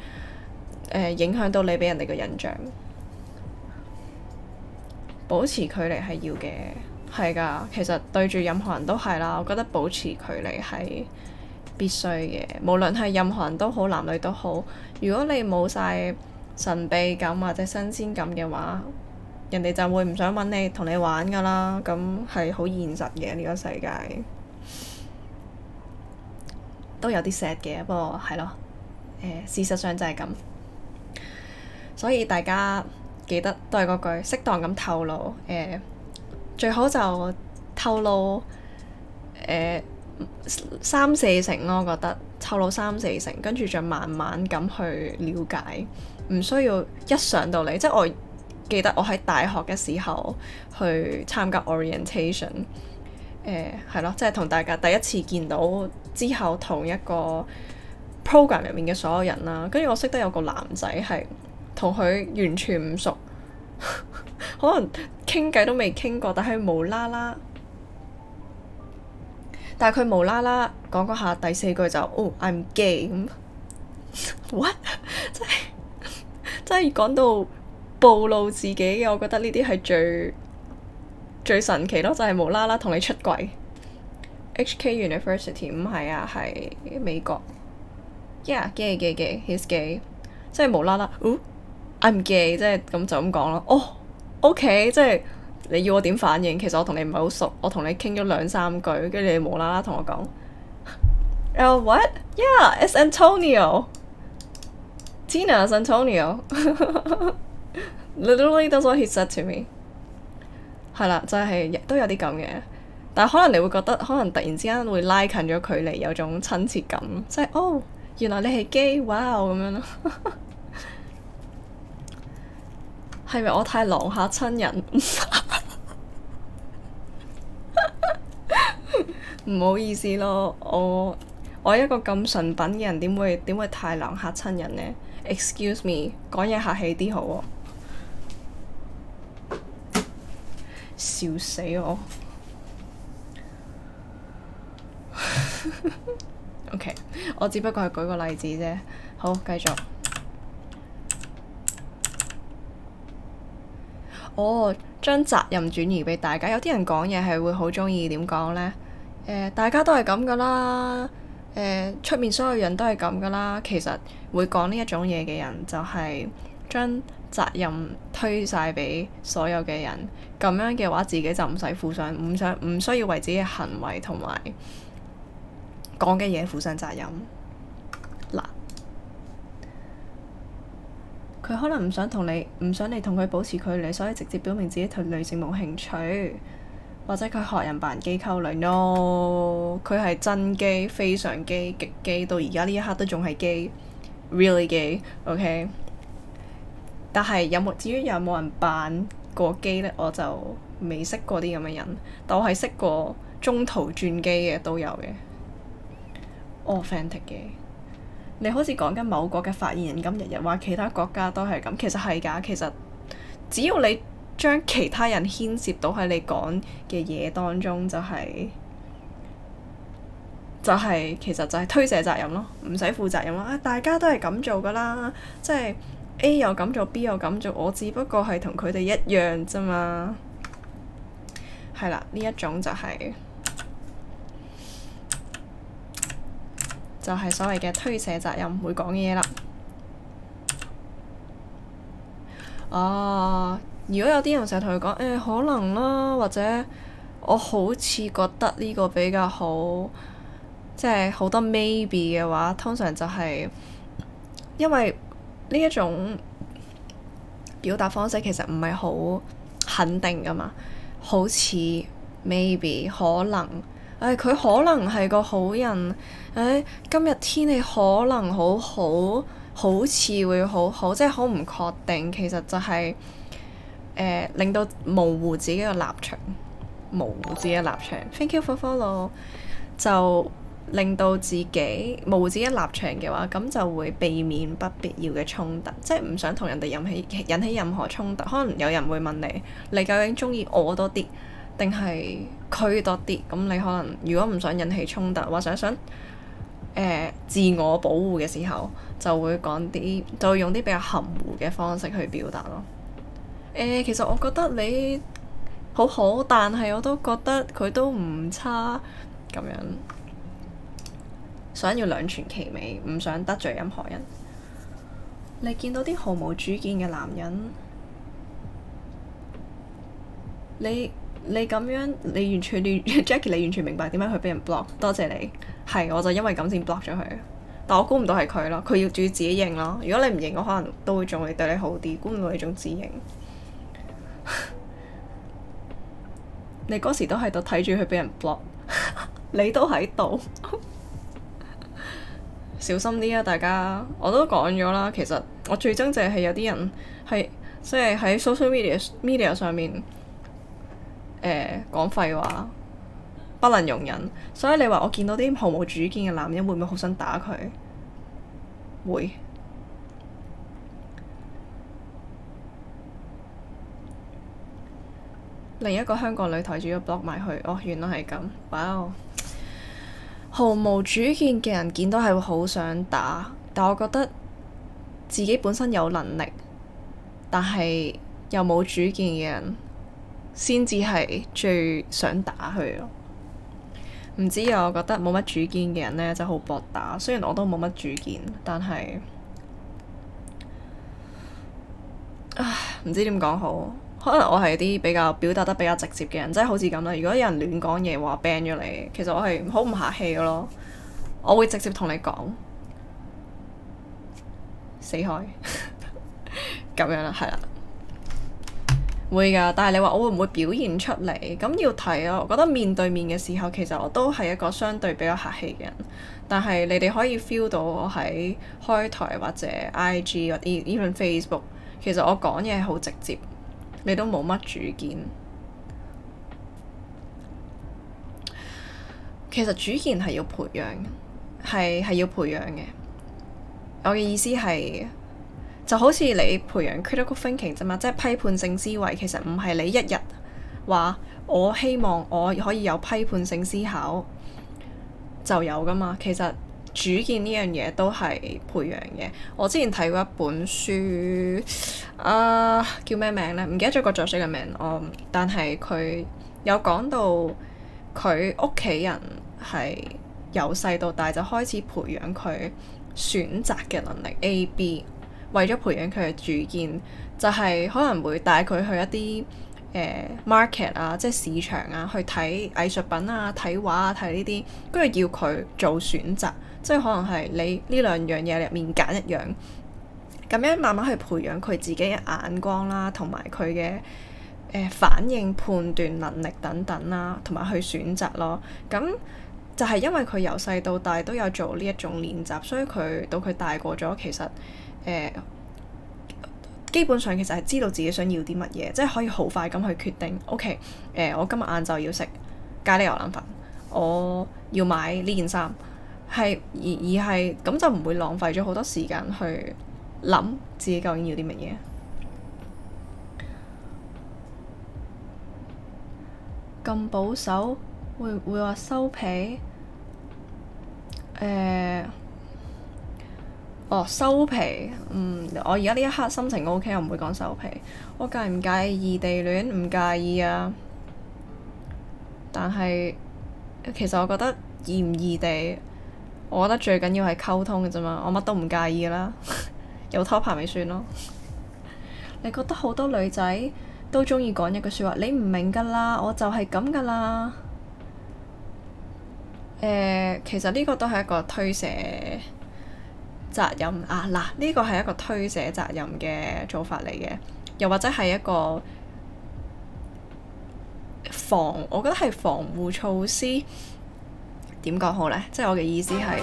呃、影響到你俾人哋嘅印象。保持距離係要嘅，係噶。其實對住任何人都係啦。我覺得保持距離係必須嘅，無論係任何人都好，男女都好。如果你冇晒神秘感或者新鮮感嘅話，人哋就會唔想揾你同你玩噶啦。咁係好現實嘅呢個世界，都有啲 sad 嘅。不過係咯、呃，事實上就係咁，所以大家記得都係嗰句適當咁透露，誒、呃、最好就透露誒。呃三四成咯，我覺得湊到三四成，跟住再慢慢咁去了解，唔需要一上到嚟。即係我記得我喺大學嘅時候去參加 orientation，誒、呃、係咯，即係同大家第一次見到之後同一個 program 入面嘅所有人啦。跟住我識得有個男仔係同佢完全唔熟， <laughs> 可能傾偈都未傾過，但係無啦啦。但係佢無啦啦講嗰下第四句就，哦，I'm gay 咁，what？即係即係講到暴露自己，我覺得呢啲係最最神奇咯，就係無啦啦同你出櫃。HK University 唔係啊，係美國。Yeah，gay，gay，gay，he's gay，即係無啦啦，哦，I'm gay，即係咁就咁講咯。哦，OK，即係。你要我點反應？其實我同你唔係好熟，我同你傾咗兩三句，跟住你無啦啦同我講，誒 what？Yeah，it's Antonio，Tina's Antonio，literally that's what he said to me。係啦，就係亦都有啲咁嘅，但係可能你會覺得，可能突然之間會拉近咗距離，有種親切感，即係，哦，原來你係 gay，哇哦咁樣咯，係 <laughs> 咪我太狼下親人？ <laughs> 唔好意思咯，我我一個咁純品嘅人，點會點會太狼嚇親人呢？Excuse me，講嘢客氣啲好喎，笑死我。 <laughs> O.K.，我只不過係舉個例子啫。好，繼續。哦，將責任轉移畀大家，有啲人講嘢係會好鍾意點講呢？呃、大家都係咁噶啦。呃、出面所有人都係咁噶啦。其實會講呢一種嘢嘅人，就係將責任推晒俾所有嘅人。咁樣嘅話，自己就唔使負上，唔想唔需要為自己嘅行為同埋講嘅嘢負上責任。嗱，佢可能唔想同你，唔想你同佢保持距離，所以直接表明自己對女性冇興趣。或者佢學人扮機溝女 no 佢係真機，非常機，極機，到而家呢一刻都仲係機，really 機，OK 但有有。但係有冇至於有冇人扮過機呢？我就未識過啲咁嘅人，但我係識過中途轉機嘅都有嘅，authentic 嘅。Auth <music> 你好似講緊某國嘅發言人咁，日日話其他國家都係咁，其實係㗎，其實只要你。將其他人牽涉到喺你講嘅嘢當中，就係就係其實就係推卸責任咯，唔使負責任咯。啊，大家都係咁做噶啦，即係 A 又咁做，B 又咁做，我只不過係同佢哋一樣啫嘛。係啦，呢一種就係就係所謂嘅推卸責任，唔會講嘢啦。哦。如果有啲人成日同佢講，誒、欸、可能啦，或者我好似覺得呢個比較好，即係好多 maybe 嘅話，通常就係因為呢一種表達方式其實唔係好肯定㗎嘛，好似 maybe 可能誒，佢、欸、可能係個好人誒、欸，今日天氣可能好好，好似會好好，即係好唔確定。其實就係、是。令到模糊自己嘅立場，模糊自己嘅立場。Thank you for follow。就令到自己模糊自己立場嘅話，咁就會避免不必要嘅衝突，即係唔想同人哋引起引起任何衝突。可能有人會問你，你究竟鍾意我多啲定係佢多啲？咁你可能如果唔想引起衝突，或者想，想、呃、自我保護嘅時候，就會講啲，就會用啲比較含糊嘅方式去表達咯。誒，其實我覺得你好好，但係我都覺得佢都唔差咁樣。想要兩全其美，唔想得罪任何人。你見到啲毫無主見嘅男人，你你咁樣，你完全，你完全 <laughs> Jackie，你完全明白點解佢俾人 block。多謝你，係我就因為咁先 block 咗佢。但我估唔到係佢咯，佢要主自己認咯。如果你唔認，我可能都會仲會對你好啲。估唔到你仲自認。 <laughs> 你嗰時都喺度睇住佢畀人 block， <laughs> 你都喺度，小心啲啊！大家，我都講咗啦，其實我最憎就係有啲人係即係喺 social media media 上面誒講廢話，不能容忍。所以你話我見到啲毫無主見嘅男人會唔會好想打佢？會。另一個香港女台主要 block 埋去，哦，原來係咁，哇、wow.！毫無主見嘅人見到係會好想打，但我覺得自己本身有能力，但係又冇主見嘅人，先至係最想打佢咯。唔知啊，我覺得冇乜主見嘅人呢就好、是、博打，雖然我都冇乜主見，但係唉，唔知點講好。可能我係啲比較表達得比較直接嘅人，即係好似咁啦。如果有人亂講嘢話 ban 咗你，其實我係好唔客氣嘅咯。我會直接同你講，死開咁 <laughs> 樣啦，係啦，會噶。但係你話我會唔會表現出嚟？咁要睇咯。我覺得面對面嘅時候，其實我都係一個相對比較客氣嘅人。但係你哋可以 feel 到我喺開台或者 IG 或者 even Facebook，其實我講嘢好直接。你都冇乜主見，其實主見係要培養，係係要培養嘅。我嘅意思係，就好似你培養 critical thinking 啫嘛，即係批判性思維。其實唔係你一日話我希望我可以有批判性思考就有噶嘛。其實主見呢樣嘢都係培養嘅。我之前睇過一本書。啊，uh, 叫咩名呢？唔記得咗個作者嘅名我，但係佢有講到佢屋企人係由細到大就開始培養佢選擇嘅能力，A、B，為咗培養佢嘅主見，就係、是、可能會帶佢去一啲、呃、market 啊，即係市場啊，去睇藝術品啊、睇畫啊、睇呢啲，跟住要佢做選擇，即係可能係你呢兩樣嘢入面揀一樣。咁樣慢慢去培養佢自己嘅眼光啦，同埋佢嘅誒反應、判斷能力等等啦，同埋去選擇咯。咁就係因為佢由細到大都有做呢一種練習，所以佢到佢大個咗，其實誒呃基本上其實係知道自己想要啲乜嘢，即係可以好快咁去決定。O K，誒我今日晏晝要食咖喱牛腩飯，我要買呢件衫，係而而係咁就唔會浪費咗好多時間去諗自己究竟要啲乜嘢？咁保守會會話收皮？誒、呃，哦收皮，嗯，我而家呢一刻心情 OK，我唔會講收皮。我介唔介意異地戀？唔介意啊。但係，其實我覺得異唔異地，我覺得最緊要係溝通嘅啫嘛。我乜都唔介意啦。 <laughs> 有拖拍咪算咯。你覺得好多女仔都中意講一句説話，你唔明㗎啦，我就係咁㗎啦。誒，其實呢個都係一個推卸責任啊！嗱，呢個係一個推卸責任嘅做法嚟嘅，又或者係一個防，我覺得係防護措施。點講好呢？即係我嘅意思係。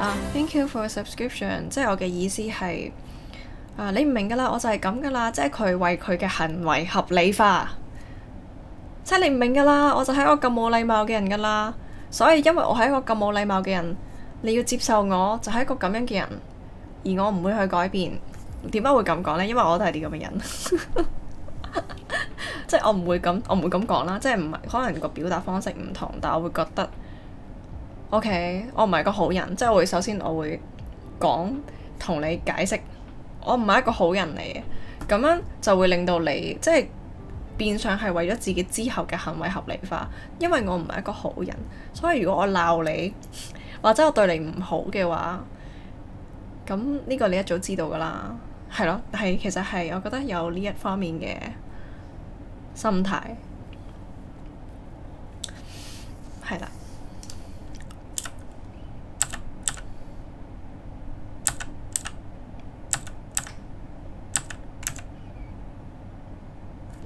啊、uh，thank you for a subscription。即係我嘅意思係，啊、uh, 你唔明噶啦，我就係咁噶啦。即係佢為佢嘅行為合理化，即係你唔明噶啦，我就係一個咁冇禮貌嘅人噶啦。所以因為我係一個咁冇禮貌嘅人，你要接受我就係、是、一個咁樣嘅人，而我唔會去改變。點解會咁講咧？因為我都係啲咁嘅人， <laughs> <laughs> 即係我唔會咁，我唔會咁講啦。即係唔係可能個表達方式唔同，但我會覺得。OK，我唔係個好人，即係我會首先我會講同你解釋，我唔係一個好人嚟嘅，咁樣就會令到你即係變相係為咗自己之後嘅行為合理化，因為我唔係一個好人，所以如果我鬧你或者我對你唔好嘅話，咁呢個你一早知道噶啦，係咯，係其實係我覺得有呢一方面嘅心態，係啦。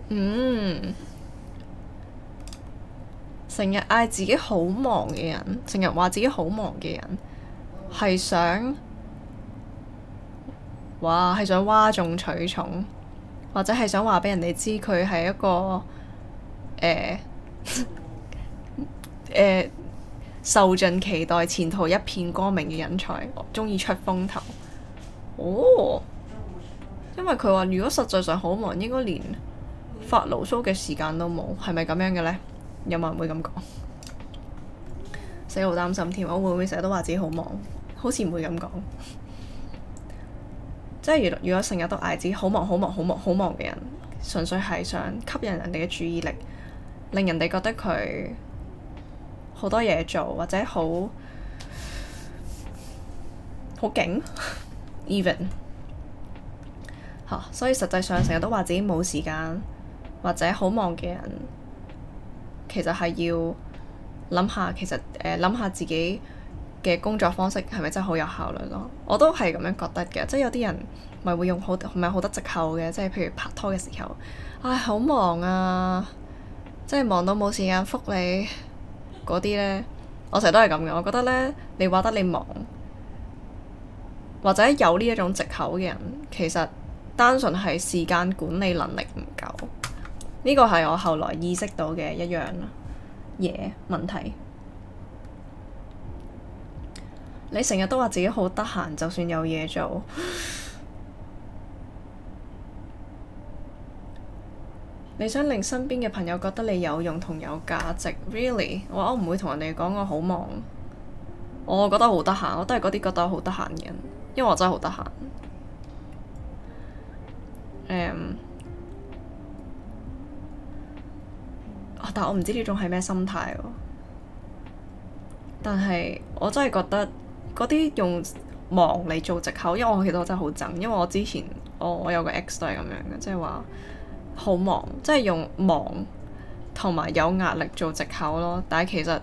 嗯，成日嗌自己好忙嘅人，成日話自己好忙嘅人係想哇，係想嘩眾取寵，或者係想話俾人哋知佢係一個誒誒、欸 <laughs> 欸、受盡期待、前途一片光明嘅人才，中意出風頭哦。因為佢話如果實際上好忙，應該連發牢騷嘅時間都冇，係咪咁樣嘅呢？有冇人會咁講？ <laughs> 死好擔心添，我會唔會成日都話自己好忙？好似唔會咁講。 <laughs> 即係如如果成日都嗌自己好忙、好忙、好忙、好忙嘅人，純粹係想吸引人哋嘅注意力，令人哋覺得佢好多嘢做，或者 <laughs> Even . <laughs> 好好勁，even 所以實際上成日都話自己冇時間。或者好忙嘅人，其實係要諗下，其實誒諗、呃、下自己嘅工作方式係咪真係好有效率咯？我都係咁樣覺得嘅，即係有啲人咪會用好唔係好多藉口嘅，即係譬如拍拖嘅時候，唉、哎，好忙啊，即係忙到冇時間覆你嗰啲呢。我成日都係咁嘅，我覺得呢，你話得你忙或者有呢一種藉口嘅人，其實單純係時間管理能力唔夠。呢個係我後來意識到嘅一樣嘢、yeah, 問題。你成日都話自己好得閒，就算有嘢做， <laughs> 你想令身邊嘅朋友覺得你有用同有價值？Really，我唔會同人哋講我好忙，我覺得好得閒，我都係嗰啲覺得好得閒嘅人，因為我真係好得閒。Um, 但我唔知呢種係咩心態喎，但係我真係覺得嗰啲用忙嚟做藉口，因為我其實我真係好憎，因為我之前我、哦、我有個 ex 都係咁樣嘅，即係話好忙，即係用忙同埋有，有壓力做藉口咯，但係其實，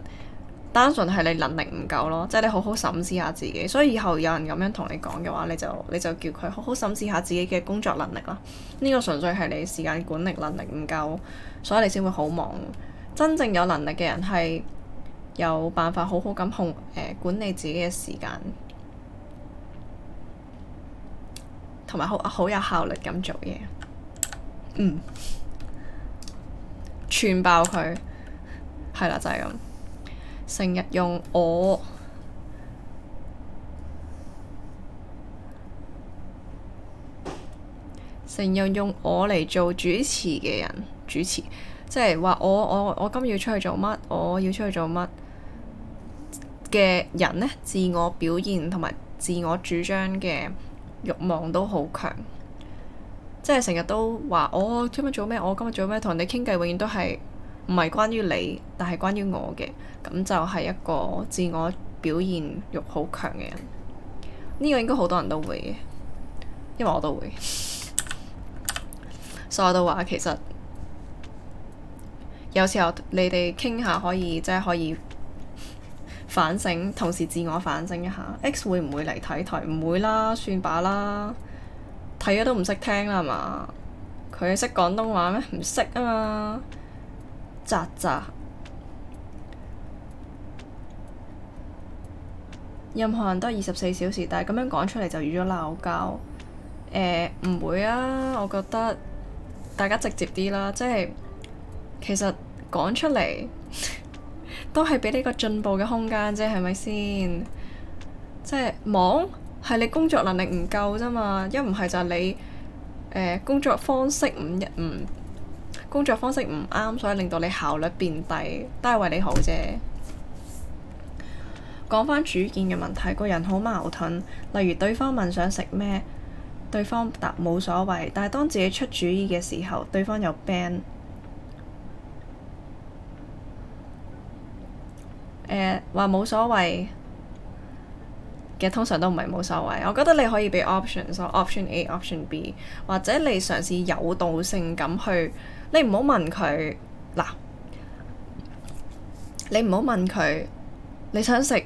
單純係你能力唔夠咯，即係你好好審視下自己。所以以後有人咁樣同你講嘅話，你就你就叫佢好好審視下自己嘅工作能力啦。呢個純粹係你時間管理能力唔夠，所以你先會好忙。真正有能力嘅人係有辦法好好咁控、呃、管理自己嘅時間，同埋好好有效率咁做嘢。嗯，串 <laughs> 爆佢係啦，就係咁。成日用我，成日用我嚟做主持嘅人，主持，即係話我我我今日要出去做乜，我要出去做乜嘅人呢，自我表現同埋自我主張嘅欲望都好強，即係成日都話我、哦、今日做咩，我今日做咩，同人哋傾偈永遠都係。唔係關於你，但係關於我嘅，咁就係一個自我表現欲好強嘅人。呢個應該好多人都會嘅，因為我都會。所 <laughs> 以、so, 我都話其實有時候你哋傾下可以，即係可以反省，同時自我反省一下。X 會唔會嚟睇台？唔 <laughs> 會啦，算吧啦。睇咗都唔識聽啦，係嘛？佢識廣東話咩？唔識啊嘛～咋咋？任何人都係二十四小時，但係咁樣講出嚟就預咗鬧交。誒、呃、唔會啊，我覺得大家直接啲啦，即係其實講出嚟都係畀呢個進步嘅空間啫，係咪先？即係忙係你工作能力唔夠啫嘛，一唔係就你誒、呃、工作方式唔唔。工作方式唔啱，所以令到你效率變低，都係為你好啫。講返主見嘅問題，個人好矛盾。例如對方問想食咩，對方答冇所謂，但係當自己出主意嘅時候，對方又 ban、呃。誒話冇所謂嘅，通常都唔係冇所謂。我覺得你可以俾 options，so option A，option B，或者你嘗試有導性咁去。你唔好問佢嗱，你唔好問佢你想食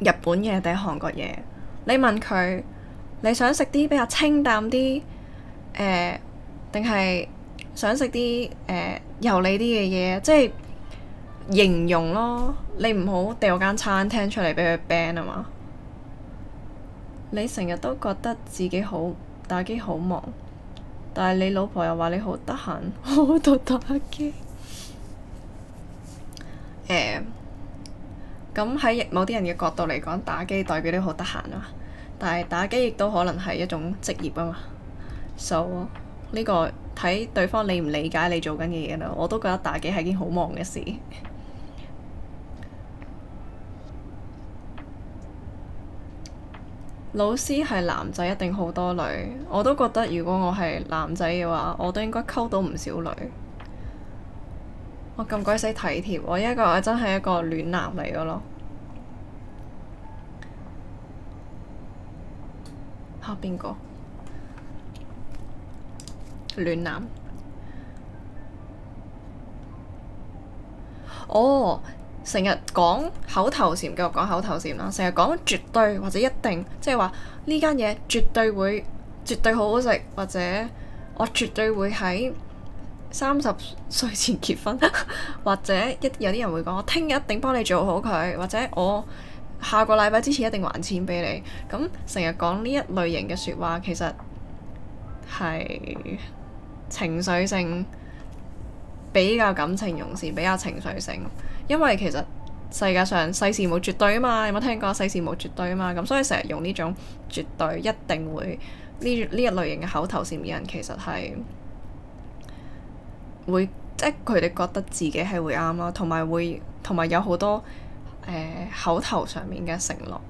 日本嘢定韓國嘢？你問佢你想食啲比較清淡啲誒，定係想食啲誒油膩啲嘅嘢？即係形容咯，你唔好掉間餐廳出嚟畀佢 ban 啊嘛！你成日都覺得自己好打機好忙。但係你老婆又話你好得閒，喺 <laughs> 度打機。誒，咁喺某啲人嘅角度嚟講，打機代表你好得閒啊。但係打機亦都可能係一種職業啊嘛。就、so, 呢、這個睇對方理唔理解你做緊嘅嘢啦。我都覺得打機係件好忙嘅事。老師係男仔一定好多女，我都覺得如果我係男仔嘅話，我都應該溝到唔少女。我咁鬼死體貼，我一個我真係一個暖男嚟嘅咯。嚇邊個？暖男。哦。成日講口頭禪，繼續講口頭禪啦！成日講絕對或者一定，即係話呢間嘢絕對會絕對好好食，或者我絕對會喺三十歲前結婚， <laughs> 或者一有啲人會講我聽日一定幫你做好佢，或者我下個禮拜之前一定還錢俾你。咁成日講呢一類型嘅説話，其實係情緒性比較感情用事，比較情緒性。因為其實世界上世事無絕對啊嘛，有冇聽過世事無絕對啊嘛？咁所以成日用呢種絕對一定會呢呢一類型嘅口頭禪嘅人，其實係會即係佢哋覺得自己係會啱囉，同埋會同埋有好多誒、呃、口頭上面嘅承諾，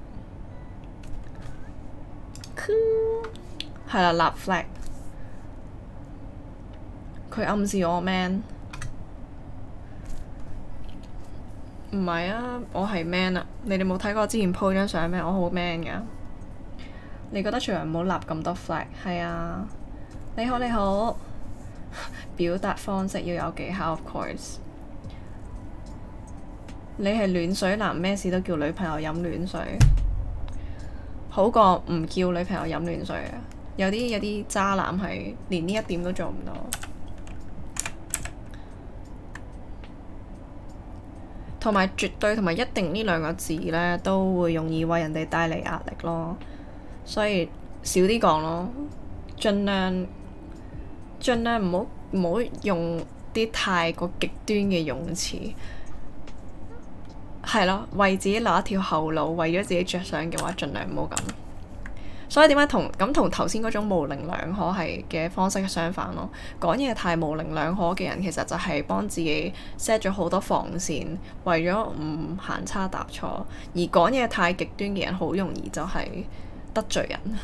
係啦， <laughs> 立 flag，佢暗示我 man。唔係啊，我係 man 啊！你哋冇睇過我之前 po 張相咩？我好 man 㗎！你覺得最人唔好立咁多 flag。係啊，你好你好， <laughs> 表達方式要有技巧，of course。你係暖水男，咩事都叫女朋友飲暖水，好過唔叫女朋友飲暖水啊！有啲有啲渣男係連呢一點都做唔到。同埋絕對同埋一定呢兩個字呢，都會容易為人哋帶嚟壓力咯，所以少啲講咯，盡量盡量唔好唔好用啲太過極端嘅用詞，係咯，為自己留一條後路，為咗自己着想嘅話，盡量唔好咁。所以點解同咁同頭先嗰種模棱兩可係嘅方式相反咯。講嘢太模棱兩可嘅人，其實就係幫自己 set 咗好多防線，為咗唔行差踏錯。而講嘢太極端嘅人，好容易就係得罪人。 <laughs>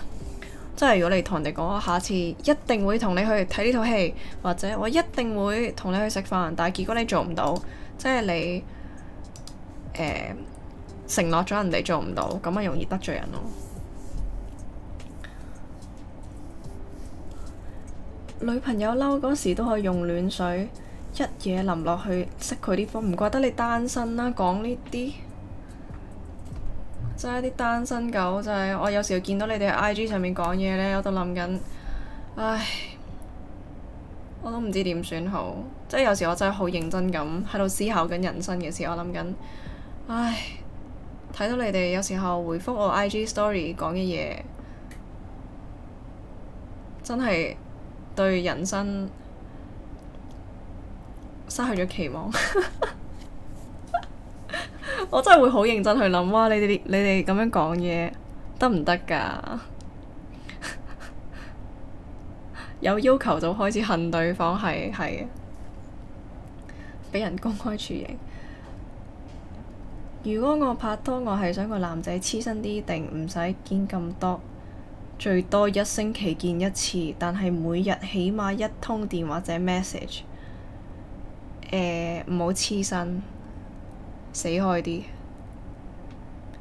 即係如果你同人哋講，下次一定會同你去睇呢套戲，或者我一定會同你去食飯，但係結果你做唔到，即係你、呃、承諾咗人哋做唔到，咁啊容易得罪人咯。女朋友嬲嗰時都可以用暖水一嘢淋落去熄佢啲火，唔怪得你單身啦、啊。講呢啲，真係啲單身狗就係、是、我有時候見到你哋喺 IG 上面講嘢呢，我喺度諗緊，唉，我都唔知點算好。即、就、係、是、有時我真係好認真咁喺度思考緊人生嘅事，我諗緊，唉，睇到你哋有時候回覆我 IG story 講嘅嘢，真係～對人生失去咗期望， <laughs> 我真係會好認真去諗，哇！你哋你哋咁樣講嘢得唔得㗎？行行 <laughs> 有要求就開始恨對方，係係嘅，俾人公開處刑。如果我拍拖，我係想個男仔黐身啲，定唔使堅咁多？最多一星期見一次，但係每日起碼一通電話或者 message、呃。誒，唔好黐身，死開啲。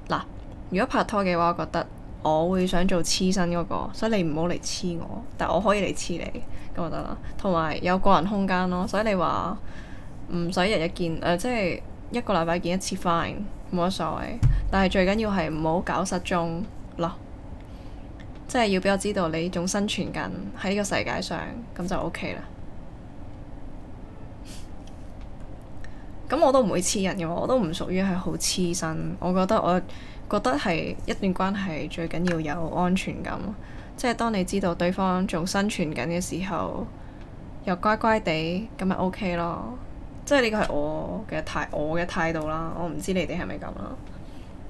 嗱，如果拍拖嘅話，我覺得我會想做黐身嗰、嗰個，所以你唔好嚟黐我，但我可以嚟黐你咁就得啦。同埋有，有個人空間咯，所以你話唔使日日見，誒、呃、即係一個禮拜見一次 fine，冇乜所謂。但係最緊要係唔好搞失蹤啦。即係要俾我知道你仲生存緊喺呢個世界上，咁就 O K 啦。咁 <laughs> 我都唔會黐人嘅，我都唔屬於係好黐身。我覺得我覺得係一段關係最緊要有安全感，即係當你知道對方仲生存緊嘅時候，又乖乖地咁咪 O K 咯。即係呢個係我嘅態我嘅態度啦。我唔知你哋係咪咁咯，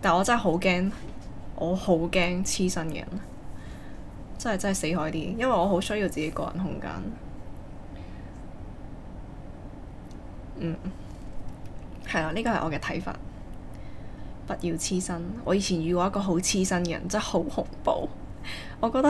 但我真係好驚，我好驚黐身嘅人。真係真係死開啲，因為我好需要自己個人空間。嗯，係啊，呢個係我嘅睇法。不要黐身，我以前遇過一個好黐身嘅人，真係好恐怖。我覺得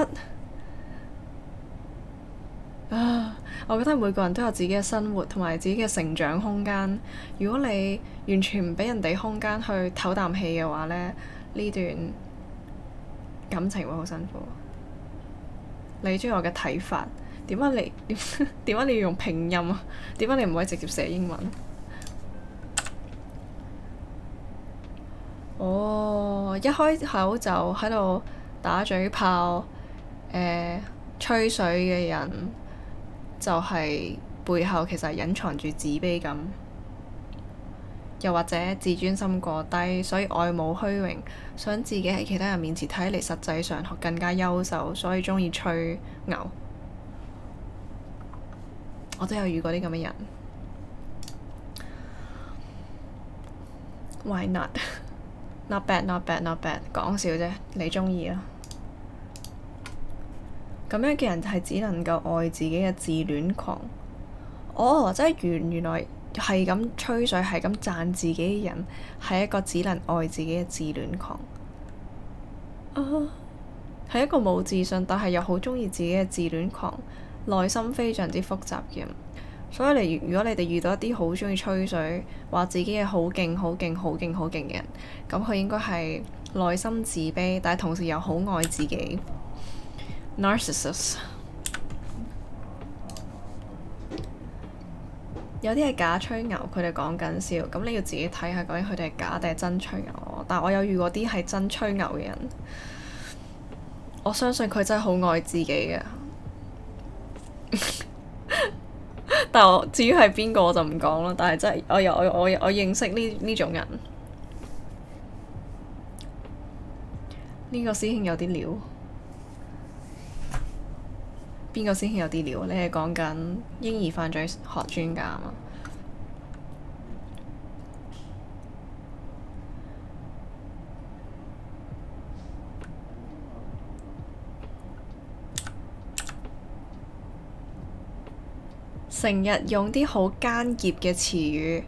啊，我覺得每個人都有自己嘅生活同埋自己嘅成長空間。如果你完全唔俾人哋空間去唞啖氣嘅話咧，呢段感情會好辛苦。你鍾意我嘅睇法。點解你，點解你要用拼音啊？點解你唔可以直接寫英文？哦、oh，一開口就喺度打嘴炮，誒、呃、吹水嘅人就係背後其實隱藏住自卑感。又或者自尊心過低，所以愛慕虛榮，想自己喺其他人面前睇嚟實際上更加優秀，所以鍾意吹牛。我都有遇過啲咁嘅人。Why not? Not bad, not bad, not bad。講笑啫，你鍾意啊？咁樣嘅人係只能夠愛自己嘅自戀狂。哦，真係原原來。係咁吹水，係咁讚自己嘅人，係一個只能愛自己嘅自戀狂。啊，係一個冇自信，但係又好中意自己嘅自戀狂，內心非常之複雜嘅人。所以你，如果你哋遇到一啲好中意吹水，話自己係好勁、好勁、好勁、好勁嘅人，咁佢應該係內心自卑，但係同時又好愛自己。Narcissus。有啲係假吹牛，佢哋講緊笑，咁你要自己睇下究竟佢哋係假定係真吹牛。但係我有遇過啲係真吹牛嘅人，我相信佢真係好愛自己嘅。 <laughs> 但係我至於係邊個我就唔講啦。但係真係我有我有我有我認識呢呢種人，呢、呢個師兄有啲料。邊個先係有啲料？你係講緊嬰兒犯罪學專家嘛？成日 <noise> <noise> 用啲好艱澀嘅詞語，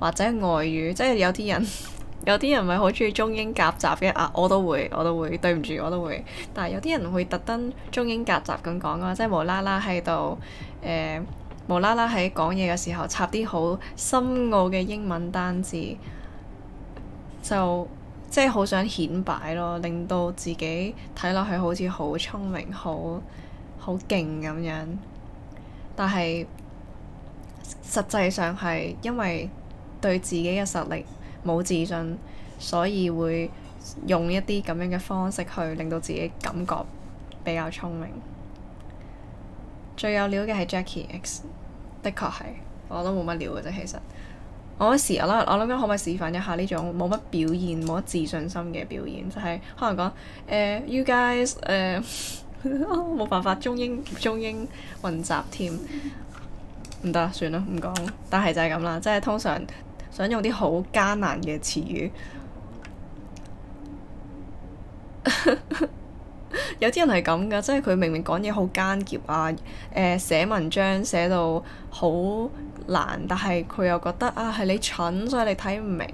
或者外語，即係有啲人。 <laughs> 有啲人咪好中意中英夾雜嘅啊！我都會，我都會，對唔住，我都會。但係有啲人會特登中英夾雜咁講啊，即係無啦啦喺度誒，無啦啦喺講嘢嘅時候插啲好深奧嘅英文單字，就即係好想顯擺咯，令到自己睇落去好似好聰明、好好勁咁樣。但係實際上係因為對自己嘅實力。冇自信，所以會用一啲咁樣嘅方式去令到自己感覺比較聰明。最有料嘅係 Jackie X，的確係，我都冇乜料嘅啫。其實我時我諗，我諗緊可唔可以示範一下呢種冇乜表現、冇乜自信心嘅表演，就係、係、可能講誒、uh，You guys 誒，冇辦法中英中英混雜添，唔得， <laughs> 算啦，唔講。但係就係咁啦，即係通常。想用啲好艱難嘅詞語， <laughs> 有啲人係咁噶，即係佢明明講嘢好艱澀啊，誒、呃、寫文章寫到好難，但係佢又覺得啊係你蠢，所以你睇唔明。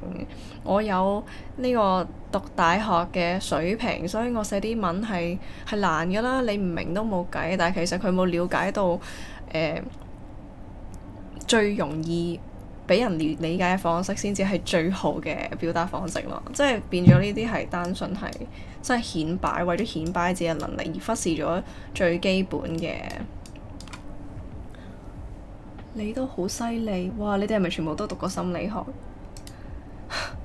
我有呢個讀大學嘅水平，所以我寫啲文係係難噶啦，你唔明都冇計。但係其實佢冇了解到誒、呃、最容易。俾人理解嘅方式先至係最好嘅表達方式咯，即係變咗呢啲係單純係即係顯擺，為咗顯擺自己嘅能力而忽視咗最基本嘅。你都好犀利，哇！你哋係咪全部都讀過心理學？ <laughs>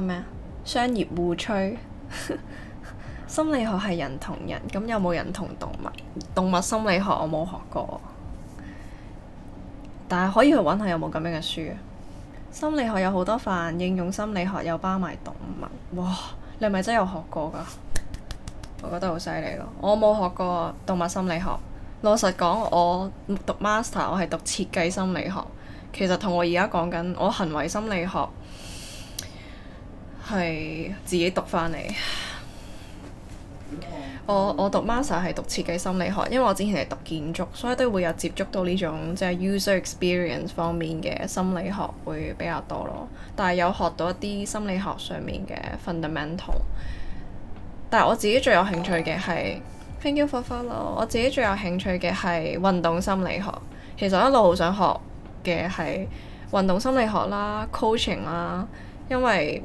咩？商業互吹。 <laughs> 心理學係人同人，咁有冇人同動物？動物心理學我冇學過，但係可以去揾下有冇咁樣嘅書。心理學有好多範，應用心理學又包埋動物。哇！你係咪真有學過㗎？我覺得好犀利咯。我冇學過動物心理學。老實講，我讀 Master 我係讀設計心理學，其實同我而家講緊我行為心理學。係自己讀返嚟。我我讀 master 係讀設計心理學，因為我之前係讀建築，所以都會有接觸到呢種即係 user experience 方面嘅心理學會比較多咯。但係有學到一啲心理學上面嘅 fundamental。但係我自己最有興趣嘅係 Thank you for following 咯。我自己最有興趣嘅係運動心理學。其實我一路好想學嘅係運動心理學啦、coaching 啦，因為。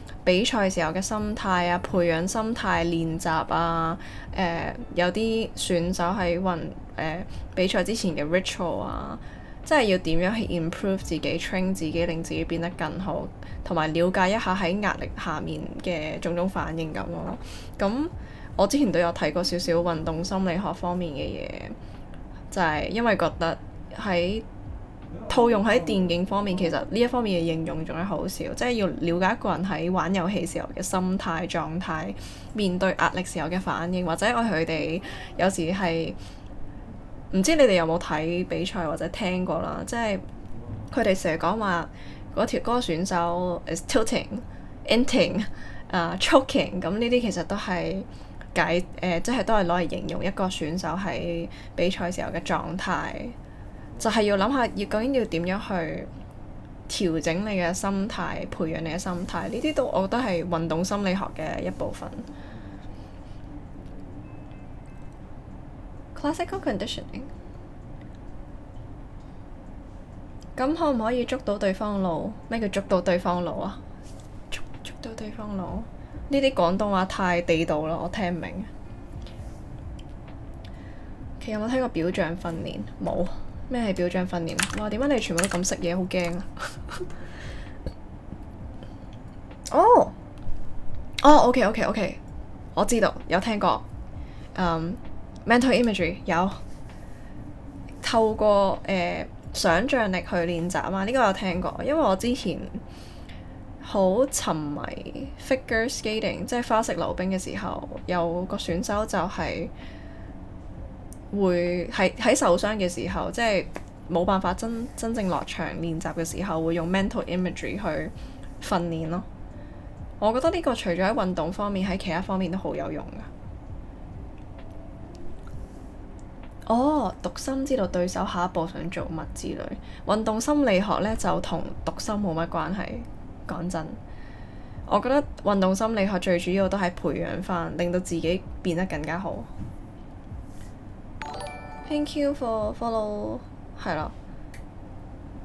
比賽時候嘅心態啊，培養心態練習啊，誒、呃、有啲選手喺運誒、呃、比賽之前嘅 ritual 啊，即係要點樣去 improve 自己、train 自己，令自己變得更好，同埋了解一下喺壓力下面嘅種種反應咁咯、啊。咁我之前都有睇過少少運動心理學方面嘅嘢，就係、是、因為覺得係。套用喺電競方面，其實呢一方面嘅應用仲係好少，即係要了解一個人喺玩遊戲時候嘅心態狀態，面對壓力時候嘅反應，或者我佢哋有時係唔知你哋有冇睇比賽或者聽過啦，即係佢哋成日講話嗰條歌、嗰個、選手 is tilting, inting，啊、uh, choking，咁呢啲其實都係解誒、呃，即係都係攞嚟形容一個選手喺比賽時候嘅狀態。就係要諗下，要究竟要點樣去調整你嘅心態，培養你嘅心態。呢啲都我覺得係運動心理學嘅一部分。Classical conditioning。咁可唔可以捉到對方路？咩叫捉到對方路啊？捉到對方路？呢啲廣東話太地道喇，我聽唔明。其實有冇睇過表象訓練？冇。咩係表象訓練？哇！點解你全部都咁識嘢？好驚啊！哦，哦，OK，OK，OK，我知道，有聽過。嗯，mental imagery 有透過誒、呃、想像力去練習啊嘛？呢個有聽過，因為我之前好沉迷 figure skating，即係花式溜冰嘅時候，有個選手就係。會喺喺受傷嘅時候，即係冇辦法真真正落場練習嘅時候，會用 mental imagery 去訓練咯。我覺得呢個除咗喺運動方面，喺其他方面都好有用㗎。哦，讀心知道對手下一步想做乜之類。運動心理學呢就同讀心冇乜關係。講真，我覺得運動心理學最主要都係培養返，令到自己變得更加好。Thank you for follow 係啦，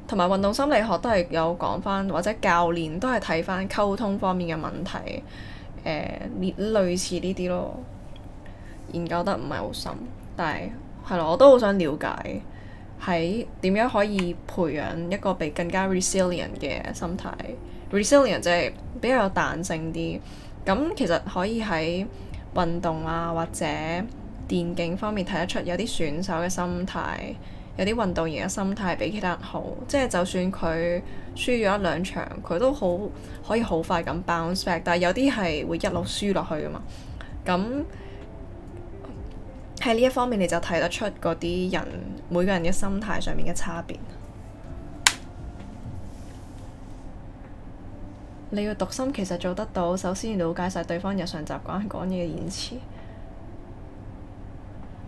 同埋運動心理學都係有講翻，或者教練都係睇翻溝通方面嘅問題，誒、呃，呢類似呢啲咯。研究得唔係好深，但係係咯，我都好想了解喺點樣可以培養一個比更加 resilient 嘅心態。Resilient 即係比較有彈性啲。咁其實可以喺運動啊，或者，電競方面睇得出有啲選手嘅心態，有啲運動員嘅心態比其他人好，即係就算佢輸咗一兩場，佢都好可以好快咁 bounce back，但係有啲係會一路輸落去㗎嘛。咁喺呢一方面，你就睇得出嗰啲人，每個人嘅心態上面嘅差別。你要讀心其實做得到，首先了解晒對方日常習慣講嘢嘅言辭。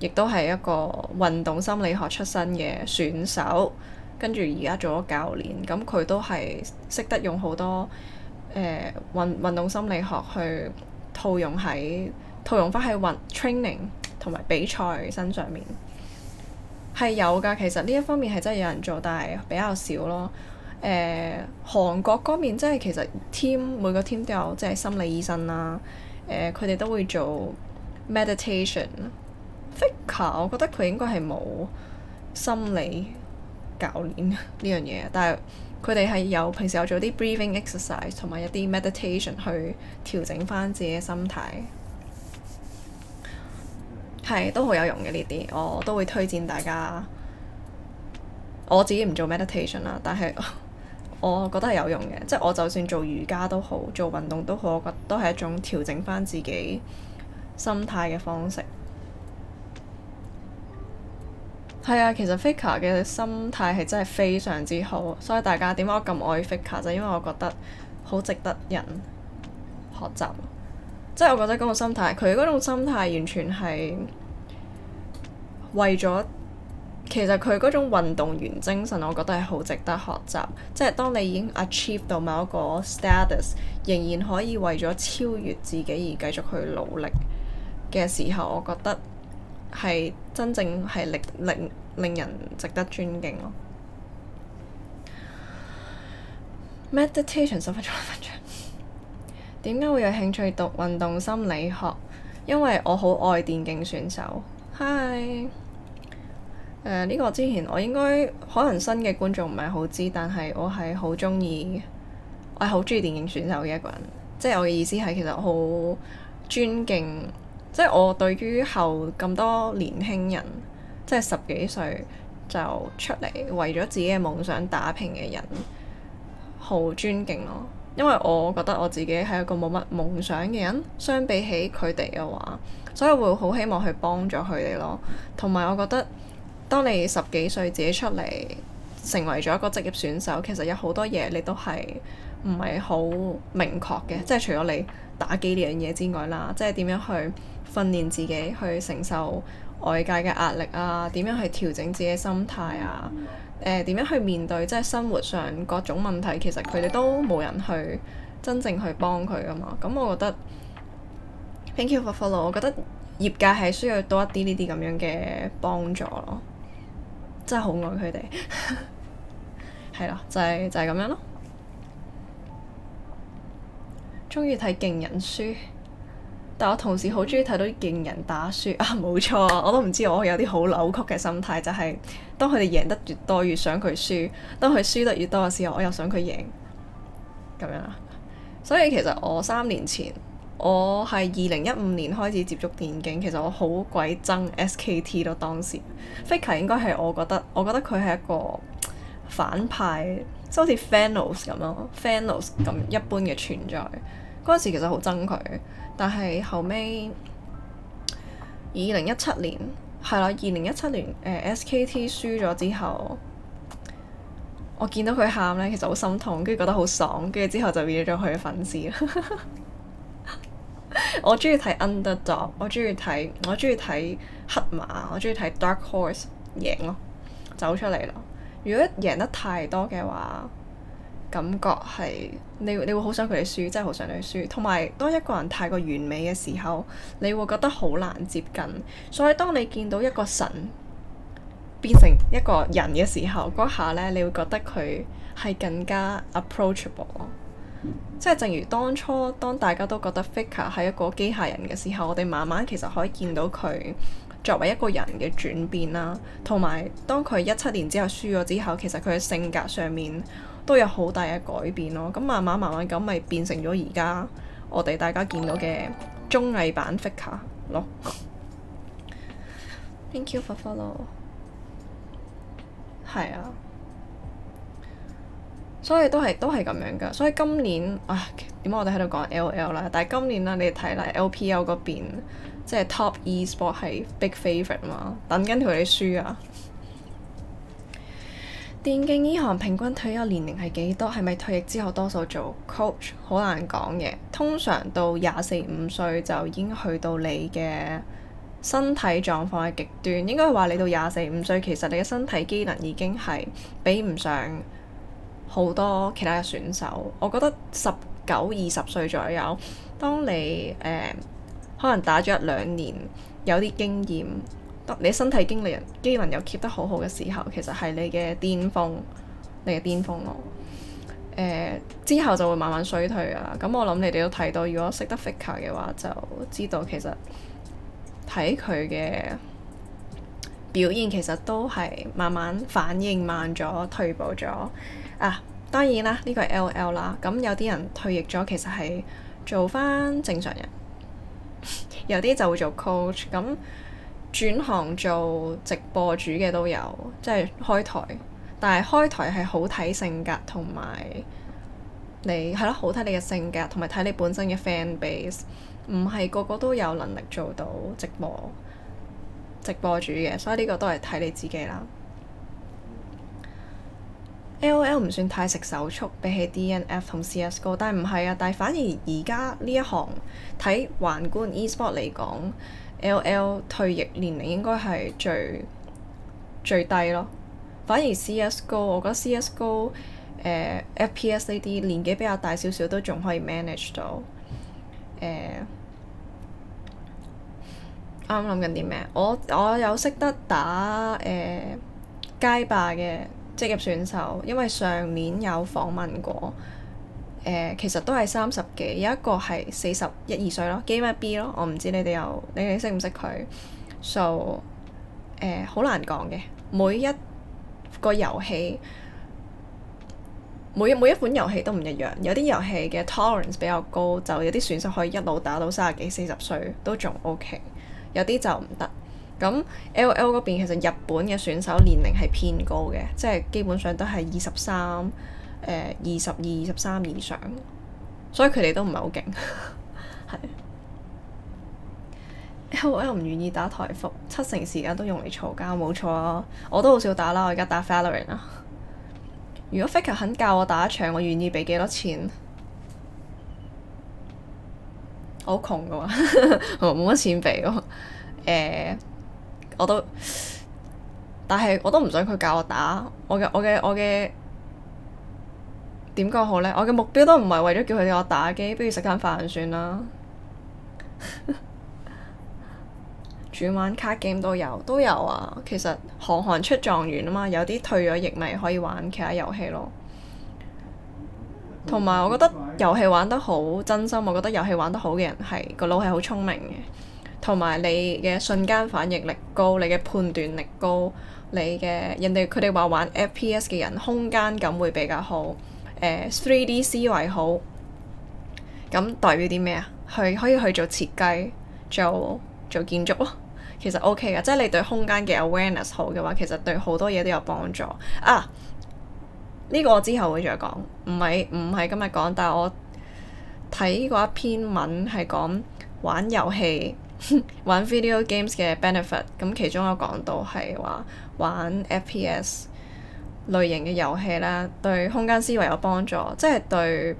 亦都係一個運動心理學出身嘅選手，跟住而家做咗教練。咁佢都係識得用好多誒運、呃、運動心理學去套用喺套用翻喺運 training 同埋比賽身上面係有㗎。其實呢一方面係真係有人做，但係比較少咯。誒、呃、韓國方面即係其實 team 每個 team 都有即係心理醫生啦、啊。誒佢哋都會做 meditation。Faker，我覺得佢應該係冇心理教練呢樣嘢，但係佢哋係有平時有做啲 breathing exercise 同埋一啲 meditation 去調整翻自己嘅心態，係都好有用嘅呢啲，我都會推薦大家。我自己唔做 meditation 啦，但係我覺得係有用嘅，即係我就算做瑜伽都好，做運動都好，我覺得都係一種調整翻自己心態嘅方式。係啊，其實 Faker 嘅心態係真係非常之好，所以大家點解咁愛 Faker 就因為我覺得好值得人學習。即係我覺得嗰個心態，佢嗰種心態完全係為咗其實佢嗰種運動員精神，我覺得係好值得學習。即係當你已經 achieve 到某一個 status，仍然可以為咗超越自己而繼續去努力嘅時候，我覺得。係真正係令令令人值得尊敬咯。Meditation 十分鐘，十分鐘。點解 <laughs> 會有興趣讀運動心理學？因為我好愛電競選手。Hi。呢、uh, 個之前我應該可能新嘅觀眾唔係好知，但係我係好鍾意，我係好鍾意電競選手嘅一個人。即係我嘅意思係，其實好尊敬。即係我對於後咁多年輕人，即係十幾歲就出嚟為咗自己嘅夢想打拼嘅人，好尊敬咯。因為我覺得我自己係一個冇乜夢想嘅人，相比起佢哋嘅話，所以我會好希望去幫助佢哋咯。同埋我覺得，當你十幾歲自己出嚟成為咗一個職業選手，其實有好多嘢你都係唔係好明確嘅，即係除咗你打機呢樣嘢之外啦，即係點樣去，訓練自己去承受外界嘅壓力啊，點樣去調整自己嘅心態啊？誒、mm，點、hmm. 呃、樣去面對即係、就是、生活上各種問題？其實佢哋都冇人去真正去幫佢噶嘛。咁我覺得 Thank you for follow，我覺得業界係需要多一啲呢啲咁樣嘅幫助咯。真係好愛佢哋，係 <laughs> 咯，就係、是、就係、是、咁樣咯。中意睇勁人書。但我同時好中意睇到啲勁人打輸啊，冇錯，我都唔知我有啲好扭曲嘅心態，就係、是、當佢哋贏得越多，越想佢輸；當佢輸得越多嘅時候，我又想佢贏咁樣啦。所以其實我三年前，我係二零一五年開始接觸電競，其實我好鬼憎 SKT 咯。當時 Faker 應該係我覺得，我覺得佢係一個反派，即好似 Fannels 咁咯 Fannels 咁一般嘅存在。嗰陣時其實好憎佢。但係後尾，二零一七年係啦，二零一七年、呃、SKT 輸咗之後，我見到佢喊呢，其實好心痛，跟住覺得好爽，跟住之後就變咗佢嘅粉絲 <laughs> 我中意睇 Underdog，我中意睇，我中意睇黑馬，我中意睇 Dark Horse 贏咯，走出嚟咯！如果贏得太多嘅話，感覺係你你會好想佢哋輸，真係好想佢哋輸。同埋，當一個人太過完美嘅時候，你會覺得好難接近。所以，當你見到一個神變成一個人嘅時候，嗰下呢，你會覺得佢係更加 approachable。即係正如當初當大家都覺得 Faker 係一個機械人嘅時候，我哋慢慢其實可以見到佢作為一個人嘅轉變啦。同埋，當佢一七年之後輸咗之後，其實佢嘅性格上面，都有好大嘅改變咯，咁慢慢慢慢咁咪變成咗而家我哋大家見到嘅綜藝版 Faker 咯，Thank you for follow！係啊，所以都係都係咁樣噶。所以今年啊，點解我哋喺度講 LL、啊、啦，但係今年啦，你睇啦，LPL 嗰邊即係 Top Esport 係 Big Favorite 嘛，等緊佢哋輸啊！電競呢行平均退休年齡係幾多？係咪退役之後多數做 coach？好難講嘅。通常到廿四五歲就已經去到你嘅身體狀況嘅極端。應該話你到廿四五歲，其實你嘅身體機能已經係比唔上好多其他嘅選手。我覺得十九二十歲左右，當你誒、呃、可能打咗一兩年，有啲經驗。哦、你身體精力，機能又 keep 得好好嘅時候，其實係你嘅巔峰。你嘅巔峰咯、呃。之後就會慢慢衰退啊。咁我諗你哋都睇到，如果識得 figure 嘅話，就知道其實睇佢嘅表現，其實都係慢慢反應慢咗、退步咗啊。當然啦，呢、這個係 LOL 啦。咁有啲人退役咗，其實係做返正常人， <laughs> 有啲就會做 coach 咁。轉行做直播主嘅都有，即係開台。但係開台係好睇性格同埋你係咯，好睇你嘅性格同埋睇你本身嘅 fan base，唔係個個都有能力做到直播直播主嘅。所以呢個都係睇你自己啦。LOL 唔算太食手速，比起 DNF 同 CSGO，但係唔係啊。但係反而而家呢一行睇橫觀 esport 嚟講。LL 退役年齡應該係最最低咯，反而 CS GO 我覺得 CS GO 誒、呃、FPS 呢啲年紀比較大少少都仲可以 manage 到誒，啱啱諗緊啲咩？我我有識得打誒、呃、街霸嘅職業選手，因為上年有訪問過。誒、呃、其實都係三十幾，有一個係四十一二歲咯，Game B 咯，我唔知你哋有你哋識唔識佢？So 呃、好難講嘅，每一個遊戲每每一款遊戲都唔一樣，有啲遊戲嘅 tolerance 比較高，就有啲選手可以一路打到三十幾四十歲都仲 OK，有啲就唔得。咁 LOL 嗰邊其實日本嘅選手年齡係偏高嘅，即係基本上都係二十三。二十二、二十三以上，所以佢哋都唔係好勁。係 <laughs> 是， <laughs> 我又唔願意打台服，七成時間都用嚟嘈交，冇錯啊、哦！我都好少打啦，我而家打 Valorant 啦。 <laughs> 如果 Faker 肯教我打一場，我願意畀幾多錢？我好窮㗎嘛，冇 <laughs> 乜錢畀我。誒、 <laughs> uh，我都，但係我都唔想佢教我打，我嘅我嘅我嘅。我點講好呢？我嘅目標都唔係為咗叫佢哋我打機，不如食餐飯算啦。 <laughs> 主玩卡 game 都有，都有啊。其實行行出狀元啊嘛，有啲退咗役咪可以玩其他遊戲咯。同埋，我覺得遊戲玩得好，真心我覺得遊戲玩得好嘅人係個腦係好聰明嘅，同埋你嘅瞬間反應力高，你嘅判斷力高，你嘅人哋佢哋話玩 FPS 嘅人空間感會比較好。誒 three、呃、D 思維好，咁代表啲咩啊？去可以去做設計，做做建築咯。其實 OK 嘅，即係你對空間嘅 awareness 好嘅話，其實對好多嘢都有幫助啊。呢、這個我之後會再講，唔係唔係今日講，但係我睇過一篇文係講玩遊戲 <laughs> 玩 video games 嘅 benefit。咁其中有講到係話玩 FPS。類型嘅遊戲啦，對空間思維有幫助，即係對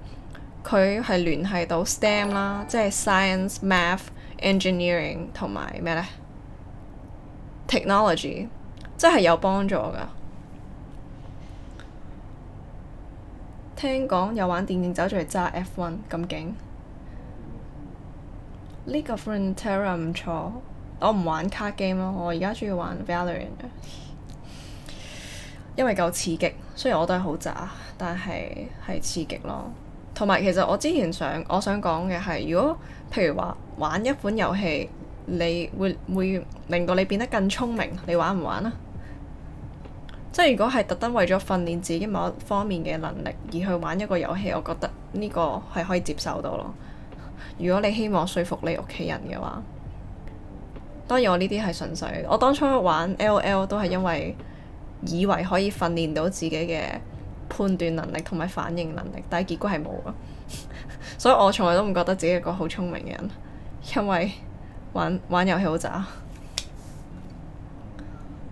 佢係聯繫到 STEM 啦，即係 science、math、engineering 同埋咩呢 technology，即係有幫助噶。聽講有玩電競組隊揸 F1 咁勁，呢個 Runeterra 唔錯。我唔玩卡 game 咯，我而家中意玩 Valorant。因為夠刺激，雖然我都係好渣，但係係刺激咯。同埋其實我之前想我想講嘅係，如果譬如話玩一款遊戲，你會會令到你變得更聰明，你玩唔玩啊？即係如果係特登為咗訓練自己某一方面嘅能力而去玩一個遊戲，我覺得呢個係可以接受到咯。如果你希望說服你屋企人嘅話，當然我呢啲係純粹。我當初我玩 LOL 都係因為。以為可以訓練到自己嘅判斷能力同埋反應能力，但係結果係冇啊。 <laughs> 所以我從來都唔覺得自己係一個好聰明嘅人，因為玩玩遊戲好渣。